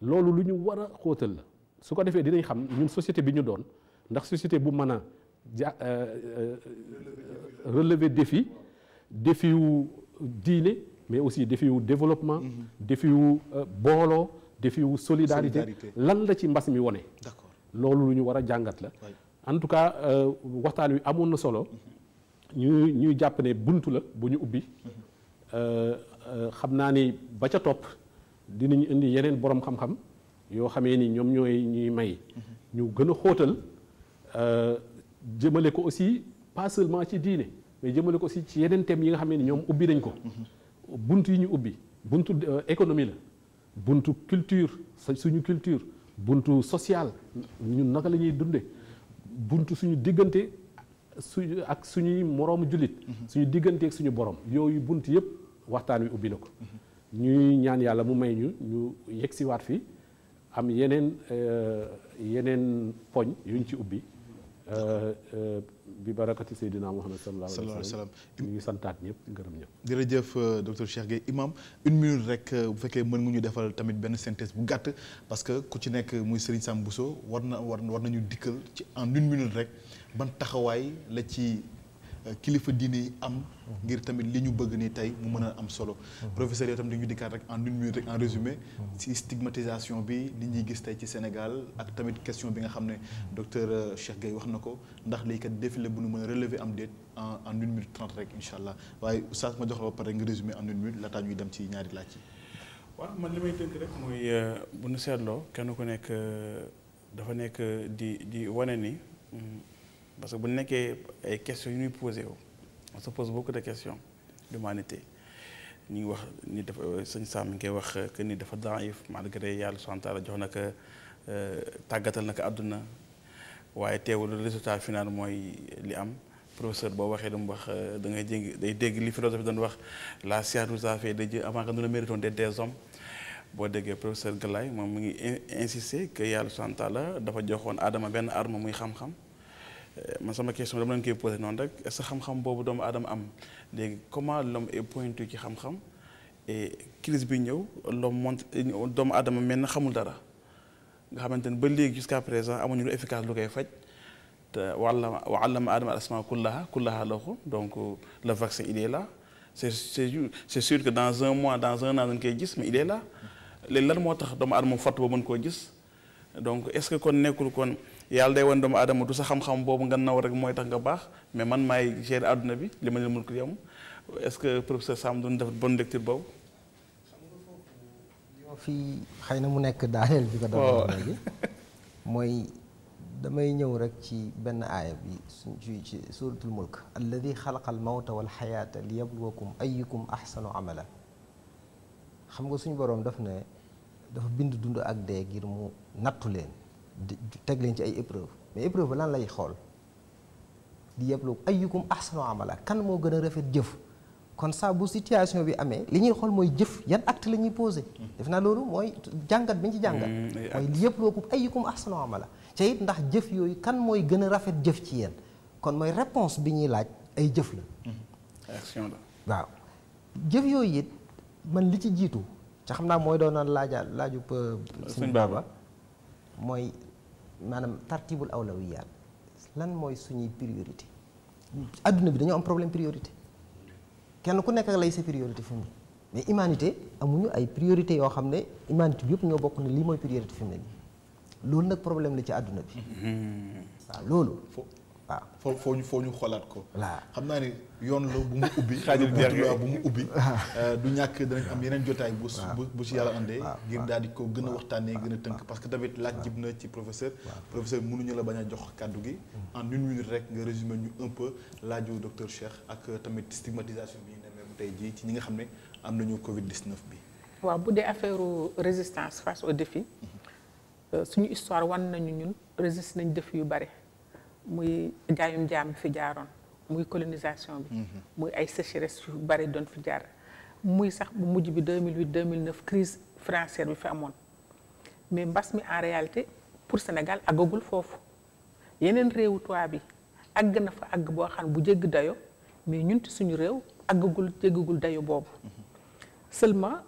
loolu lu ñu war a xóotal la su ko defee dinañ xam ñun société bi ñu doon ndax société bu mën a ja euh, euh, relever défi défi wu diine mais aussi défi wu développement mm-hmm. défi wu euh, booloo défi wu solidarité lan la ci mbas mi wone loolu lu ñu war a jàngat la en waxtaan wi amoon na solo mm-hmm. ñu ñuy jàpp ne buntu la bu ñu ubbi mm-hmm. euh, euh, xam naa ni ba ca topp dinañu indi yeneen borom xam-xam yoo xamee ni ñoom ñooy ñuy may mm-hmm. ñu gën a xóotal euh, jëmale ko aussi pas seulement ci diine mais jëmale ko aussi ci yeneen thèmes yi nga xamee ni ñoom ubbi nañ ko mm-hmm. bunt yi ñu ubbi buntu économie la buntu culture suñu culture buntu social ñun naka la ñuy dunde bunt suñu diggante su ak suñuy moroomu jullit mhm. suñu digganteeg suñu borom yooyu bunt yëpp waxtaan wi ubbi na ko mhm. ñuy ñaan yàlla mu may ñu ñu yegsiwaat fi am yeneen euh, yeneen poñ yuñ ci ubbi Euh, euh, bi barakati Seydina Muhammad sallallahu alayhi wa sallam ñu ngi santaat ñëpp ngërëm ñëpp. jërëjëf euh, docteur Cheikh Gueye imam une minute rek bu fekkee mën nga ñu defal tamit benn synthèse bu gàtt parce que ku ci nekk muy Serigne Sam Bousso war na war war nañu dikkal ci en une minute rek ban taxawaay la ci kilifa diine yi am. ngir tamit li ñu bëgg ni tey mu mën a am solo professeur yow tamit dañu dikkaat rek en une minute rek en résumé ci stigmatisation bi li ñuy gis tey ci Sénégal ak tamit question bi nga xam ne docteur euh, Cheikh Gueye wax na ko ndax léegi kat défilé bu nu mën a relever am déet en en une minute trente rek incha allah waaye oustaz ma jox la ba pare nga résumé en une minute laataa ñuy dem ci ñaari laaj yi. waaw man li may tënk rek mooy euh, bu nu seetloo kenn ko nekk euh, dafa nekk di di wane ni hmm, parce que bu nekkee ay yu ñuy posé wu on se boo ko de questions d'humanité ñu ngi wax ni dafa sëñ saam mu ngi koy wax que ni dafa daif malgré yàlla subhanahu wa taala jox na ko euh, tàggatal na ko àdduna waaye teewul résultat final mooy li am professeur boo waxee dama wax euh, da ngay jéngi day dégg li philosophie doon wax la science nous a fait des dieux avant que nous ne méritons d'être des hommes boo déggee professeur Galaye moom mu ngi insister que yàlla subhanahu wa dafa joxoon Adama benn arme muy xam-xam Eh, ma sama question dama leen koy posé noonu rek est ce xam-xam boobu doomu aadama am léegi comment l'homme est pointu ci xam-xam et crise bi ñëw l'homme monte doomu aadama mel na xamul dara nga xamante ne ba léegi jusqu'à présent amuñu lu efficace lu koy faj te wàllama wa allama aadama al asmaa kullaha kullaha la ko donc le vaccin il est là c' est c' est sûr dans un mois dans un an dañ koy gis mais il est là léegi lan moo tax doomu aadama fàttu ba mën koo gis donc est ce que kon nekkul kon yàlla day wan doomu aadama du sa xam-xam boobu nga naw rek mooy tax nga baax mais man maay gérer àdduna bi li ma leen mën ko ce que professeur Sam def bonne lecture boobu. fii xëy na mu nekk daaneel bi ko doon oh. léegi *laughs* mooy damay ñëw rek ci benn aaya bi suñ ci ci suuratul mulk alladi xalaqa al mawta wal li yabluwakum ayukum axsanu amala xam nga suñu boroom daf ne dafa bind dund ak dee ngir mu nattu leen. teg leen ci ay épreuve mais épreuve lan lay xool di yeblu ayyukum ahsanu amala kan moo gën a rafet jëf kon saa bu situation bi amee li ñuy xool mooy jëf yan acte la ñuy posé def naa loolu mooy jàngat bi ñu ci jàngat mm, yëpp looku ayyukum ahsanu amala ca it ndax jëf yooyu kan mooy gën a rafet jëf ci yéen kon mooy réponse bi ñuy laaj ay jëf la mm-hmm. action waaw jëf yooyu it man li ci jiitu ca xam naa mooy doon naan laaja laaju euh, suñ baaba mooy maanaam aw tartibul awlawiyaat lan mooy suñuy priorité adduna bi dañoo am problème priorité kenn ku nekk ak lay sa priorité fi mu mais humanité amuñu ay priorité yoo xam ne humanité bi yëpp ñoo bokk ne lii mooy priorité fi mu ne nii loolu nag problème la ci adduna bi hmm. waaw loolu waaw foo foo ñu foo ñu xoolaat ko. xam naa ne yoon la bu mu *laughs* ubbi. xaajul jeex bu mu ubbi. *laughs* Euh, du ñàkk danañ am yeneen jotaay. bu bu si yàlla andee. ngir daal di ko gën a waxtaanee gën a tënk parce que tamit laaj jib na ci professeur. professeur mënuñu la bañ a jox kàddu gi. Mm. en une minute rek nga ñu un peu laaju docteur Cheikh ak euh, tamit stigmatisation bi ñu tey jii ci ñi nga xam ne am nañu Covid 19 bi. waaw bu dee affaire résistance face au défi. Mm-hmm. Euh, suñu histoire wan nañu ñun nañ défi yu bare. muy jaayum jaam fi jaaroon muy colonisation bi mhm. muy ay sécheresse yu bari doon fi jaar muy sax bu mujj bi 2008 2009 crise financière bi fi amoon mais mbas mi en réalité pour Sénégal àggagul foofu yeneen réewu toit bi agg na fa àgg boo xam bu jëgg dayo mais ñun suñu réew àggagul jéggagul dayo boobu mhm. seulement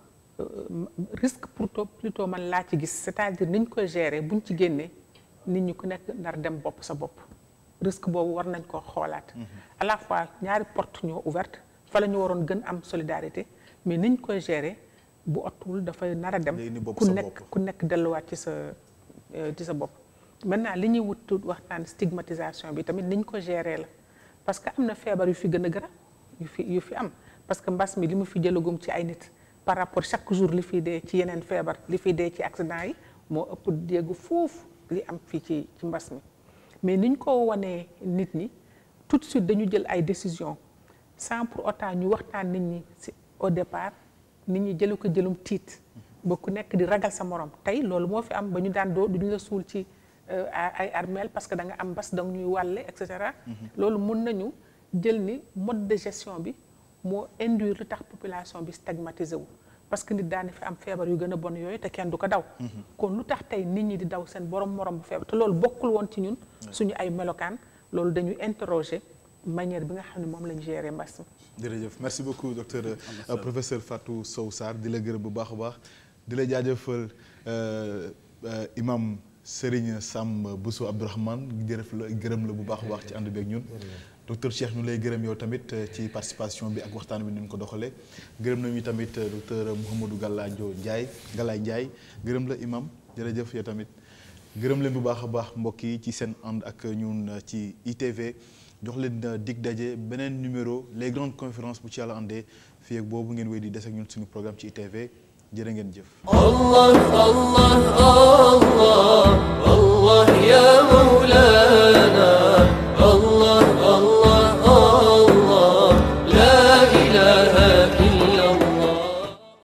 euh, risque pour plutôt plutôt man laa ci gis c'est-à-dire niñ koy gérer buñ ci génnee nit ñi ku nekk ndar dem bopp sa bopp risque boobu war nañ ko xoolaat. à la fois ñaari porte ñoo ouverte fa la ñu waroon gën am solidarité mais niñ koy gérer bu ottuwul dafay nar a dem. ku nekk ku nekk delluwaat ci sa euh, ci sa bopp. maintenant li ñuy wut waxtaan stigmatisation bi tamit niñ ko gérer la parce que am na feebar yu fi gën a garaaw yu fi yu fi am parce que mbas mi li mu fi jëlagum ci ay nit par rapport chaque jour li fiy dee ci yeneen feebar li fiy dee ci accident yi moo ëpp déggu foofu li am fii ci ci mbas mi. mais niñ ko wanee nit ñi tout de suite dañu jël ay décision sans pour autant ñu waxtaan nit ñi si au départ nit ñi jëlu ko jëlum tiit ba ku nekk di ragal sa morom tey loolu moo fi am ba ñu daan doo duñu la suul ci euh, ay armeel parce que da nga am bas da nga ñuy wàlle et cetera mhm. loolu mun nañu jël ni mode de gestion bi moo induire lu tax population bi stigmatisé wu parce que nit daane fi am feebar yu gën a bon yooyu te kenn du ko daw kon lu tax tey nit ñi di daw seen borom morom bu feebar te loolu bokkul woon ci ñun suñu ay melokaan loolu dañuy interroger manière bi nga xam ne moom lañ gérer mbas mi jërëjëf merci beaucoup docteur euh, professeur Fatou Sow saar di la gërëm bu baax baax di la jaajëfal euh, euh, imam Serigne Samb Bousso Abdourahmane gërëf la gërëm la bu baax a baax ci ànd beeg ñun docteur Cheikh ñu lay gërëm yow tamit euh, ci participation bi ak waxtaan wi ni ñu ko doxalee gërëm nañu tamit euh, docteur Mouhamadou Galaadio Ndiaye Galaay Ndiaye gërëm la imam jërëjëf yow tamit gërëm leen bu baax a baax mbokk yi ci seen ànd ak ñun euh, ci ITV jox leen daje beneen numéro les grandes conférences bu ci yàlla àndee fii ak boobu ngeen wéy di des ñun suñu programme ci ITV jërë ngeen jëf. Allah Allah Allah ya Mawlana.